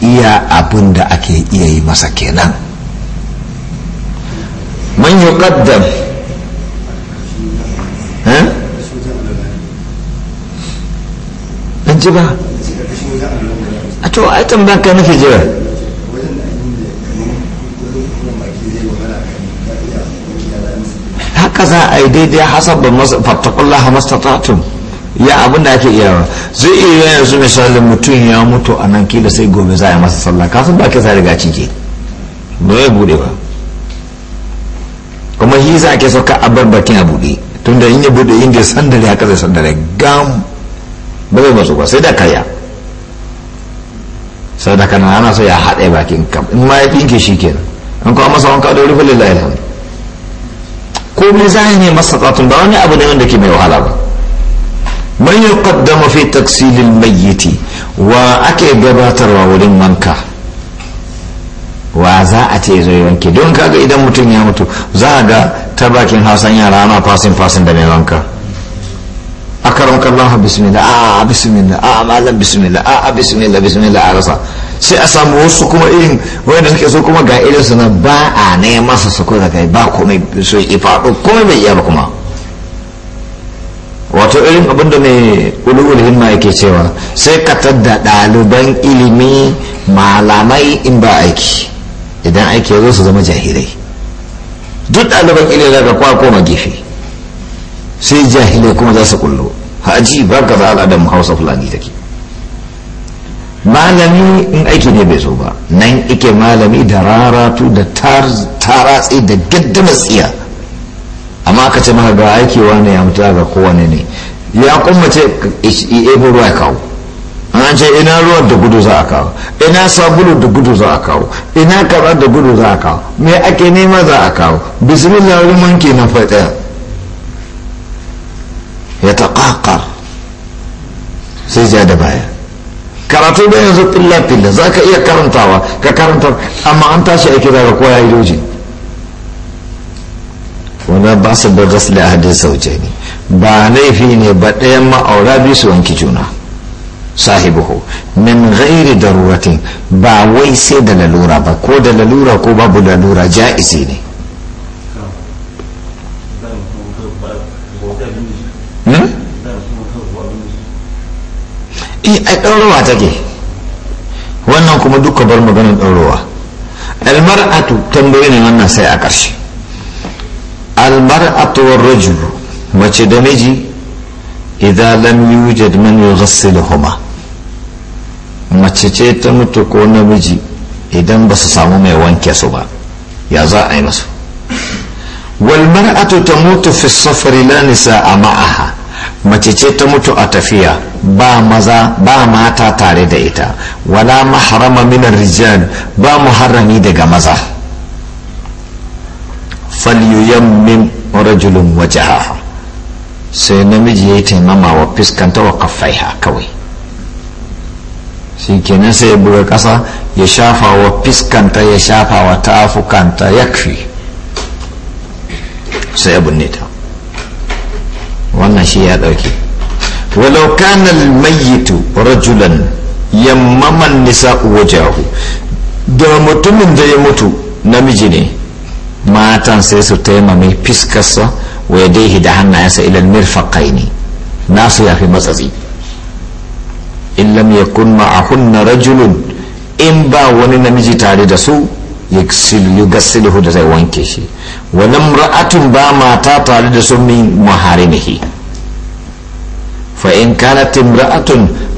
iya abin da ake iya yi masa kenan man yi kaddam eh? ba a to a tambayan kai nufi jira haka za a yi daidai hasabin fattakullah mastatatun ya abin da ake iyawa zai iya yi yanzu misalin mutum ya mutu a nan kila sai gobe za a yi masa sallah kasan ba ke sa riga cike ba ya bude ba kuma shi za ke sauka a bar bakin a bude tun da in ya bude inda sandare haka zai sandare gam ba zai matsu ba sai da kaya sadaka na ana so ya haɗe bakin kam in ma ya finke shi kenan an kuma masa wanka da wuri fa lillahi alhamdu komai za ne masa tsatun ba wani abu ne wanda ke mai wahala ba man yi yuqaddamu fi taksilin mayyiti wa ake gabatarwa wurin wanka wa za a ce zai wanke don kaga idan mutum ya mutu za a ga ta bakin hasan yara ana fasin fasin da mai wanka karon kallon bismillah a bismillah a malam bismillah a bismillah bismillah a rasa sai a samu wasu kuma irin da suke so kuma ga irin su na ba a ne masa su kuma kai ba komai so yi faɗo komai bai iya ba kuma wato irin abin da mai ulu himma yake cewa sai ka tadda ɗaliban ilimi malamai in ba aiki idan aiki ya zo su zama jahilai duk ɗaliban ilimi daga kwa koma gefe sai jahilai kuma za su kullo haji ba ka za al'adar hausa fulani take malami in aiki ne bai zo ba nan ike malami da raratu da taratse da gaddama tsiya amma ka ce maka ga aiki wane ya mutu ga kowane ne ya kummace ebo ruwa ya kawo an ce ina ruwan da gudu za a kawo ina sabulu da gudu za a kawo ina kaza da gudu za a kawo me ake nema za a kawo bismillah ruman ke na faɗa ya taƙaƙa sai ja da baya karatu da yanzu filla filla za ka iya karantawa ka karanta amma an tashi aiki daga koya idoji wanda ba su da gasli a hadin sauce ne ba laifi ne ba ɗayan ma'aura biyu su wanki juna sahibihu min ghairi daruratin ba wai sai da lalura ba ko da lalura ko babu lalura ja'izi ne ai ɗaurowa take wannan kuma duka bar maganin ɗaurowa almar'atu tambayi ne wannan sai a ƙarshe almar'atu war rajulu mace da miji idan lam yujad man yughassiluhuma mace ce ta mutu ko namiji idan ba su samu mai wanke su ba ya za a yi masu wal mar'atu tamutu fi safari la nisaa ma'aha mace ce ta mutu a tafiya ba maza ba mata tare da ita wala maharama minar rijal ba muharrami daga maza min rajulun wajaha sai namiji ya yi taimama wa fiskanta wa kafaiha kawai shi kenan sai ya buga kasa ya shafa wa fiskanta ya shafa wa tafukanta ya sai ya binne ta wannan shi ya dauke walau kana almayyitu rajulan yammaman nisa'u wajahu da mutumin da ya mutu namiji ne matan sai su taimami fiskarsa wa daihi da hannayensa ilal mirfaqaini nasu yafi matsatsi in lam yakun ma'ahunna rajulun in ba wani namiji tare da su yugassiluhu da zai wanke shi wa ra'atun ba mata tare da su min muharimihi fa in kanat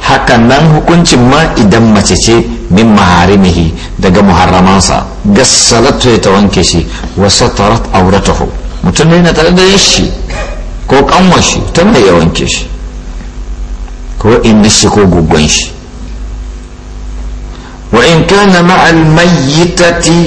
hakan nan hukuncin ma idan mace ce min maharimihi daga muharramansa gassalatu ta wanke shi wa satarat auratahu mutum ne na tare da shi ko kanwar shi ta mai ya wanke shi ko in shi ko gugun shi wa in kana ma'al mayyitati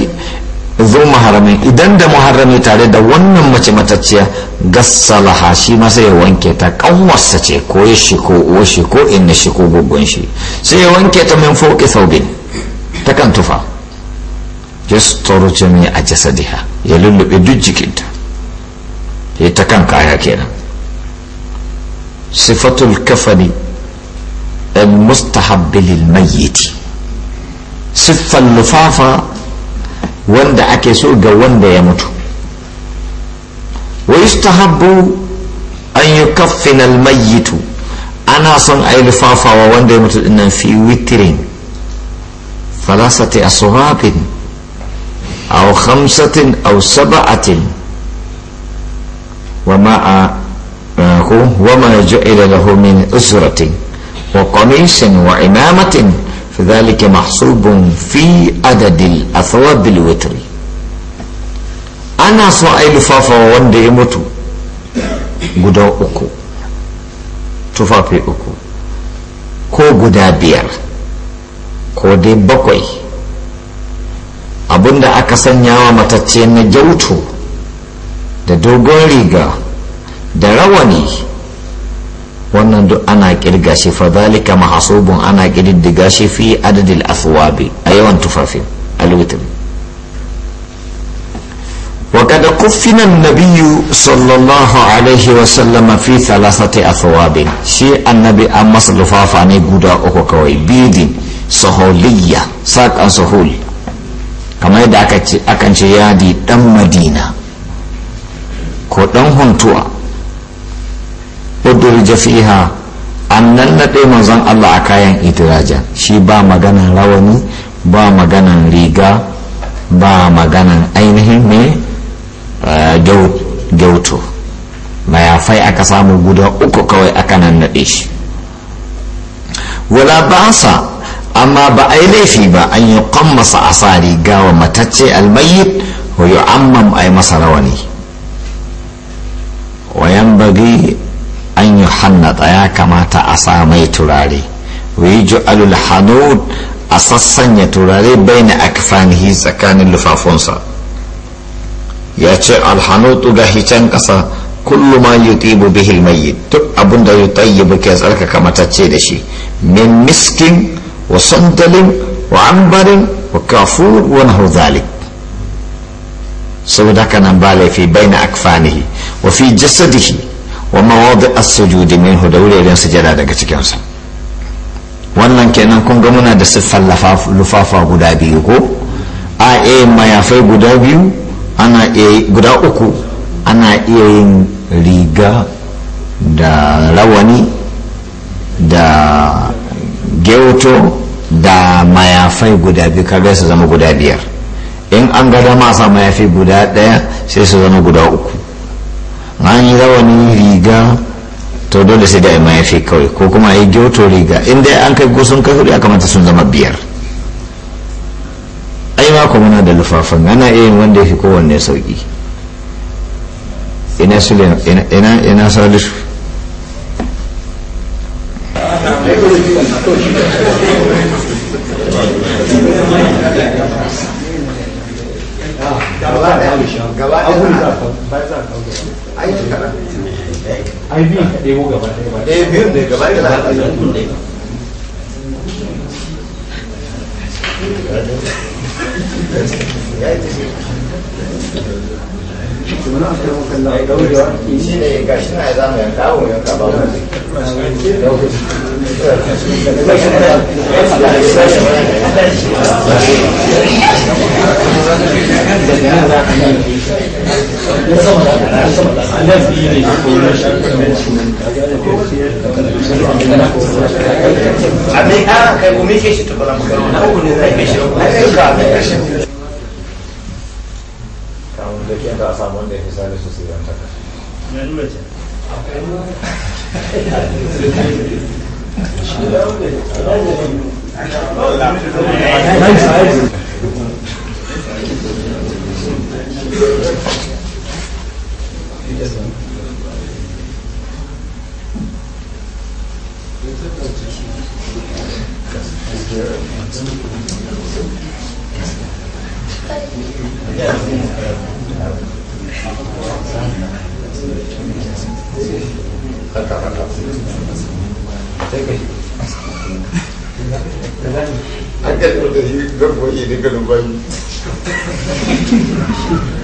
zo muharrami idan da muharrami tare da wannan mace matacciya ha shi ma sai ya wanke ta kanwarsa ce ko ya shi ko uwa shi ko inna shi ko gugun shi sai ya wanke ta min fauki saubin ta kan tufa yastaru jami a jasadiha ya lullube duk jikinta ya ta kan kaya kenan sifatul kafani al mustahab mayyiti siffan lufafa wanda ake so ga wanda ya mutu wa yustahabbu an yukaffina almayyitu ana son a yi lifafawa wanda ya mutu dinnan fi witirin falasati ashabin aw khamsatin aw sab'atin wa ma'a وما جعل له من أسرة وقميص وعمامة فذلك محسوب في عدد الأثواب بالوتر أنا سؤال فافا وند يموت غدا أكو تفافي أكو كو غدا بير كو دي بقوي abinda aka sanya wa matacce na gyautu da dogon riga da rawani wannan duk ana kirga shi fa dalika mahasubun ana kididdiga shi fi adadil athwabi a yawan tufafin alwitr wa kada kuffinan nabiyu sallallahu alaihi wa sallam fi thalathati athwabin shi annabi an masa lufafa ne guda uku kawai bidin saholiyya saƙan sahul kamar yadda akan ce yadi dan madina ko dan huntuwa udurja fiha an nannaɗe manzon Allah a kayan itiraja shi ba maganan rawani ba maganan riga ba maganan ainihin ne eh, gyauto mayafai aka samu guda uku kawai aka nan naɗe shi wala basa amma ba a yi laifi ba an yi a sa riga wa matacce almayyit wa yi a yi masa rawani wayan bagi an yi hannada ya kamata a sa mai turare wa yi ju'alul hanud a sassanya turare bai na akfanihi tsakanin lufafunsa ya ce alhanutu ga hicen ƙasa kullu ma yutibu bihil mayyit duk abin da yutayyibu ke tsarkaka matacce da shi min miskin wa sandalin wa ambarin wa kafur wa nahu zalik saboda haka nan ba laifi bai na akfanihi wa fi jasadihi wa mawadi as-sujudi minhu da wuraren sujada daga cikinsa wannan kenan kun ga muna da siffar lufafa guda biyu ko a iya mayafai guda biyu ana iya guda uku ana iya yin riga da rawani da geuto da mayafai guda biyu kaga su zama guda biyar in an ga dama sa mayafi guda daya sai su zama guda uku an yi rawani riga to dole sai da ya mayafi kawai ko kuma a yi gyoto riga inda an kai gusun kai hudu ya kamata sun zama biyar ai ma kuma na da lufafan ana iya yin wanda ya fi kowanne sauki ina sulen ina ina salisu gaba da abun za ka ba za ka ai kana ai bi ka debo gaba da ba eh bi ne gaba da za ka yi wakalla a ɗaurewa? ba abin a kai umi ke shi tukula makarona uku ne zai kai shi duka kamun da ke ta samu wanda ya fi sale su siran ta kashi Acá no te digo, no puedo ir, que no p u e i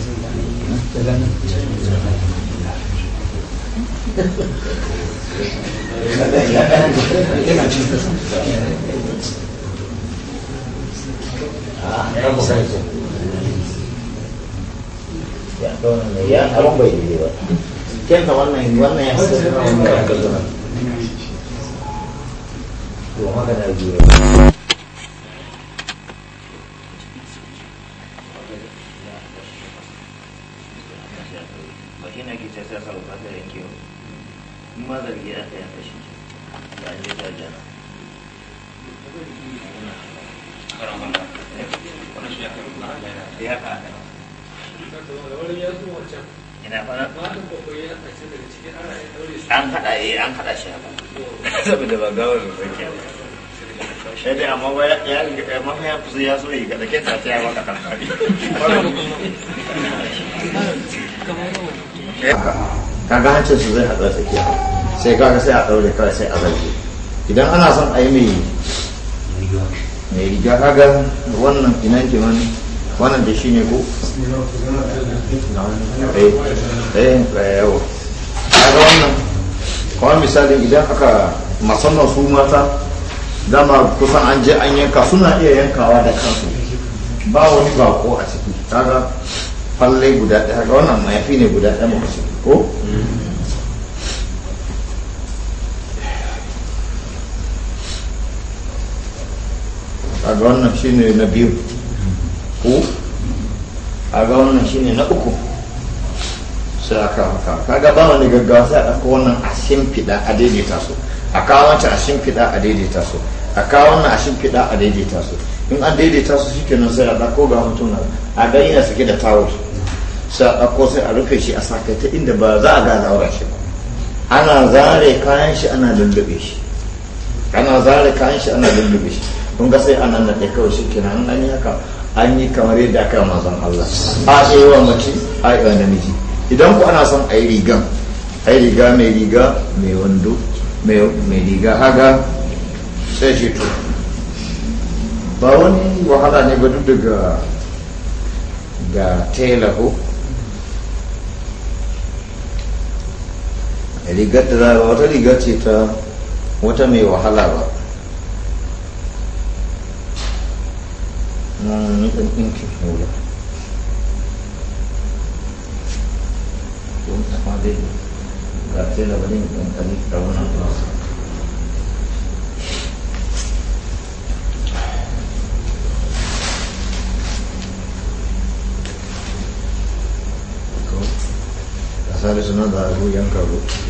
دلنا ya abin bai daidai ba kenta wannan wannan ya sai wannan ya kaza to magana biyu yanzu ya so yi ga dake ta kankari kaga hancin su zai haɗa tsakiya sai kaga sai a ɗaure kawai sai a zage idan ana son a yi mai riga kaga wannan inan wannan da shi ne ko kaga wannan kuma misalin idan aka masannan su mata dama kusan an je an yanka suna iya yankawa da kansu ba wani bako a ciki kaga falle guda ɗaya ga wannan mayafi ne guda ɗaya masu ko kaga wannan shine na biyu ko kaga wannan shine na uku sai aka haka kaga ba wani gaggawa sai a ɗauko wannan a shimfiɗa a daidaita su a kawo wancan a shimfiɗa a daidaita su a kawo wannan a shimfiɗa a daidaita su in an daidaita su shi kenan sai a ɗauko ga mutum na a ga yana sake da tawul sai a ɗauko sai a rufe shi a sakai ta inda ba za a ga zaura shi ba ana zare kayan shi ana lullube shi ana zare kayan shi ana lullube shi kun ga sai ana naɗe kawai shi kenan an yi haka an yi kamar yadda aka yi mazan Allah a yi wa mace a yi wa namiji idan ku ana son a yi rigan a yi riga mai riga mai wando mai riga haga sai shi to ba wani wahala ne ba duk daga ga tela ko rigar da zara wata rigar ce ta wata mai wahala ba na nufin ɗinkin hula Grazie a Valin, un canista, una cosa. Asare sono da Guyan Kabu.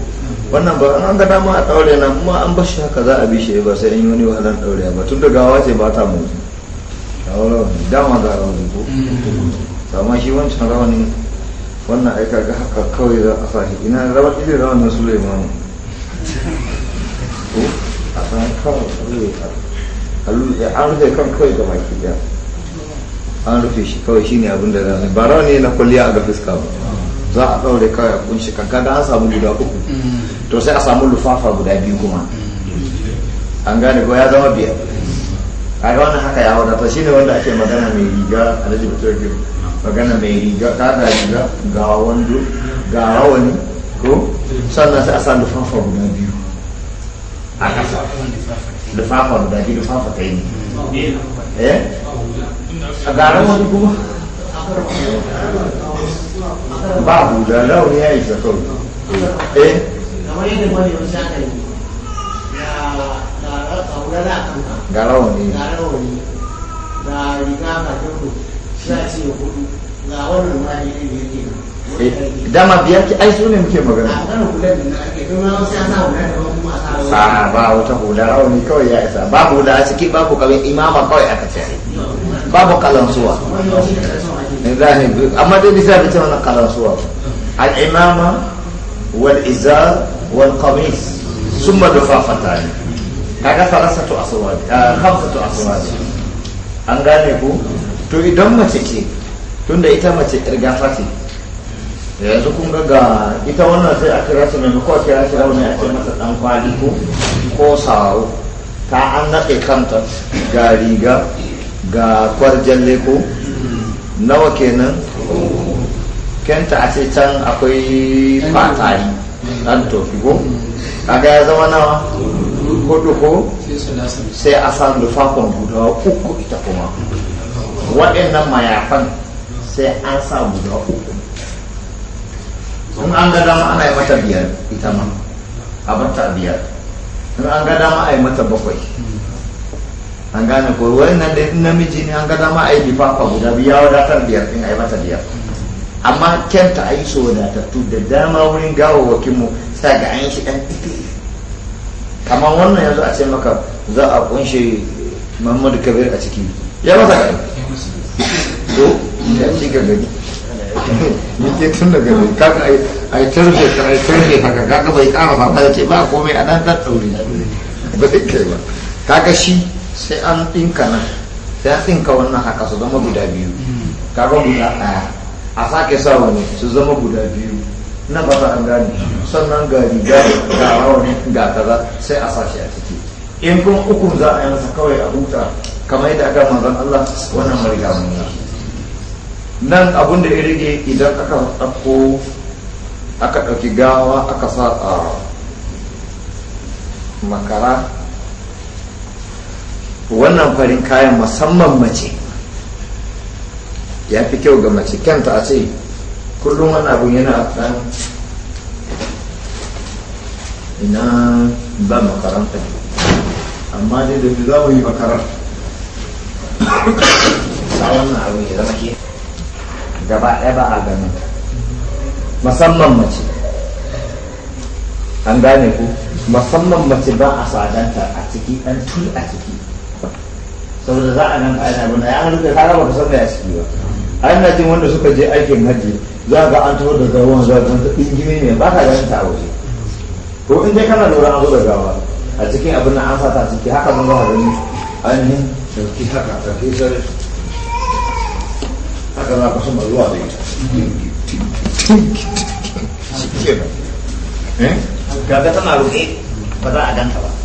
wannan ba an ga dama a daure na kuma an bashi haka za a bi shi ba sai an yi wani wahalar daure ba tun da gawa ce ba ta motsi dama za a rawani ko mm. amma shi wancan rawanin wannan aika ga haka kawai za a sashi ina rawar irin rawanin suleiman ko a san kawai suleiman an rufe kan kawai ga baki daya an rufe shi kawai shine abin da ba rawani na kwalliya a ga fuska ba za a ɗaure kawai kun shi kanka da an samu guda uku to sai a samu lufafa guda biyu kuma an gane ko ya zama biyar a ga wani haka ya wadata shi ne wanda ake magana mai riga a da turki magana mai riga ta da riga ga wando ga rawani ko sannan sai a sa lufafa guda biyu a kasa lufafa guda biyu lufafa ta yi eh a garin wani kuma ba da lauri ya isa kawai eh kamar yadda wani wasu aka yi ga a rawani ga rawani ga riga ga kyau suna ce hudu ga wannan ma ne da yake nan eh, dama biyar ki ai sune muke magana sa ba wata kawai ya isa babu hula a ciki babu kalin imama kawai aka ce babu zahiri amma dai bisa da cewa na karasuwa al'imama wal izar wal qamis sun madufa fatani kaga salasatu aswadi ah, khamsatu aswadi an gane ku to idan mace ce tunda ita mace yanzu kun ga ita wannan sai a kira su mai a kira shi a ce masa dan kwali ko ko sawo ta an naɗe kanta ga riga ga kwarjalle ko nawa kenan kenta a ce can akwai fatai nan tofi ko ga ya zama nawa hudu ko sai a samu lufafon guda uku ita kuma waɗannan mayafan sai an sa guda uku in an ga dama ana yi mata biyar ita ma a bata biyar in an ga dama a yi mata bakwai an gane ko nan da namiji ne an gada ma aiki fafa guda biya wadatar biyar din a yi mata biyar amma kenta a yi so wadatattu da dama wurin gawawwakin mu sa ga an yi shi dan kama wannan yanzu a ce maka za a kunshe muhammadu kabir a ciki ya masa ga to ya ci ne gani ke tun daga ka ka a yi tarfe a yi tarfe haka kaga bai kama fafa da ce ba komai a dan dan ɗauri ba zai kai ba kaga shi sai an ɗinka nan sai an ɗinka wannan haka su zama guda biyu kaga guda ɗaya a sake sa wani su zama guda biyu na ba an gani sannan ga riga ga rawani ga kaza sai a sashi a ciki in kun uku za a yi masa kawai a huta kamar yadda aka manzan Allah wannan mariga mun nan abun da ya rage idan aka ɗauko aka ɗauki gawa aka sa a makara wannan farin kayan musamman mace ya fi kyau ga mace kenta a ce kullum wani abu yana a kan ina ba makaranta amma dai da za mu yi makarar a wannan abu ya zama ke gaba ɗaya ba a ganin musamman mace an gane ku musamman mace ba a sadanta a ciki an tun a ciki saboda za a nan ana bana ya harbe ka raba ka san ya ciki ba ai na jin wanda suka je aikin hajji za ga an taho da gawan zuwa don dingime ne ba ka ganin ta waje ko in dai kana lura an zo da gawa a cikin abin nan an sa ta ciki haka mun ba gani yi dauki haka ta fi sare haka za ka san ba zuwa da ita ta eh? tana rufe ba za a ganta ba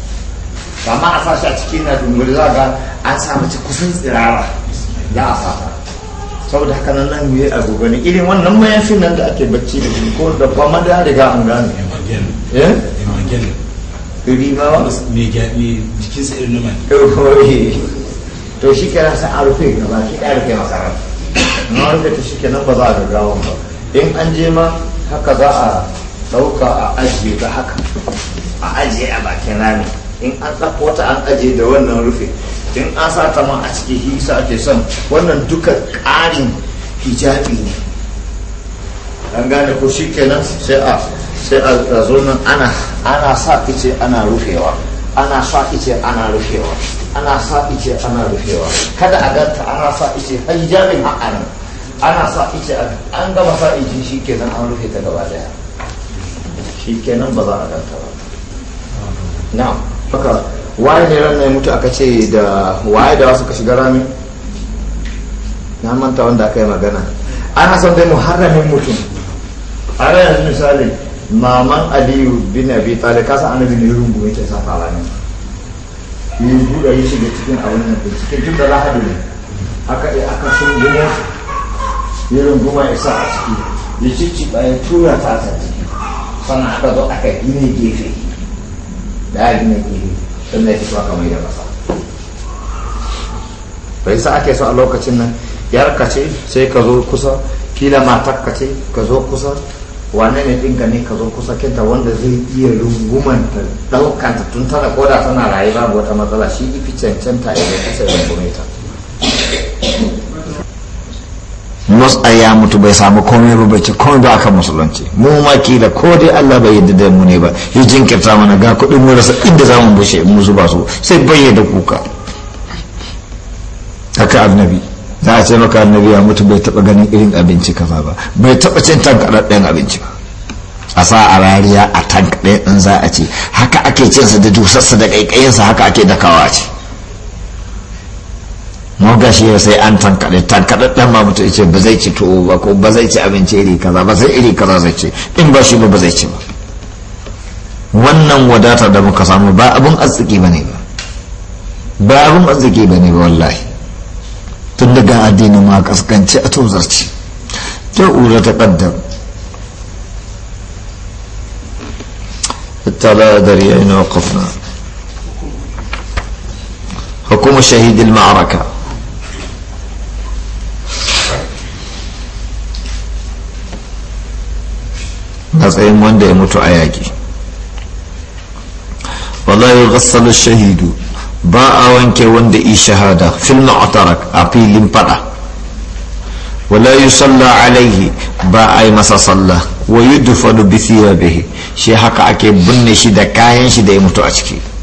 ba ma a sashi a cikin na dunguri za ga an sa mace kusan tsirara za a fata saboda haka nan nan yi a gobe irin wannan mayafin nan da ake bacci da shi ko da ma da riga an gane eh? na mai to shi a rufe gaba shi ɗaya rufe na rufe ta shi ba za a gaggawa ba in an je ma haka za a ɗauka a ajiye ta haka a ajiye a bakin rami in an ɗauko wata an aje da wannan rufe in an sa ta ma a ciki hisa ke son wannan duka ƙarin hijabi ne an gane ko shi kenan sai a sai a razo nan ana ana sa ice ana rufewa ana sa ice ana rufewa ana sa ice ana rufewa kada a ganta ana sa ice har hijabin ha'anan ana sa ice an gama sa ice shi kenan an rufe ta gaba daya shi kenan ba za a ganta ba na'am haka waye ne ran mai mutu aka ce da waye da wasu ka shiga rami na manta wanda aka yi magana an hasan dai muharramin mutum a rayar misali maman aliyu bin abi talib ka san annabi ne rungu yake sa fara ne yi buɗe yi shiga cikin abin nan cikin duk da lahadi ne haka yi aka sun gumo yi runguma ya sa a ciki ya cicci bayan tura ta ta ciki sannan aka zo aka gine gefe da ya gina fili sannan ya fito kamar da ƙasa bai sa ake so a lokacin nan yar ka ce sai ka zo kusa kila ka ce ka zo kusa wane ne ɗinka ne ka zo kusa kinta wanda zai iya ta ɗaukanta tun tana koda tana rayuwa wata matsala shi ifi cancanta ya kasa ya rungume ta motsa ya mutu bai samu komai ba bai ci komai ba akan musulunci mu ma kila ko dai Allah bai yadda da mu ne ba ya jinkirta mana ga kuɗin mu rasa inda za mu bushe mu zuba su sai bayyana kuka haka annabi za a ce maka annabi ya mutu bai taɓa ganin irin abinci kaza ba bai taɓa cin tankaɗaɗɗen abinci ba a sa a rariya a tankaɗe in za a ce haka ake cinsa da dusarsa da ƙaiƙayinsa haka ake dakawa a ce mu gashi ya sai an tankaɗe tankaɗe ɗan ma mutu ce ba zai ci tuwo ba ko ba zai ci abinci iri kaza ba sai iri kaza zai ci in ba shi ba ba zai ci ba wannan wadatar da muka samu ba abun arziki ba ne ba ba abun arziki ba ne ba wallahi tun daga addinin ma kaskanci a tozarci ta ura ta kaddam tala dari aina waqafna hukumar shahidin ma'araka matsayin wanda ya mutu a yaƙi wallahi yi shahidu ba a wanke wanda yi shahada fil mu'tarak a filin fada wala yi salla alaihi ba a yi masa sallah wa yi dufanu bi bihi shi haka ake binne shi da kayan shi da ya mutu a ciki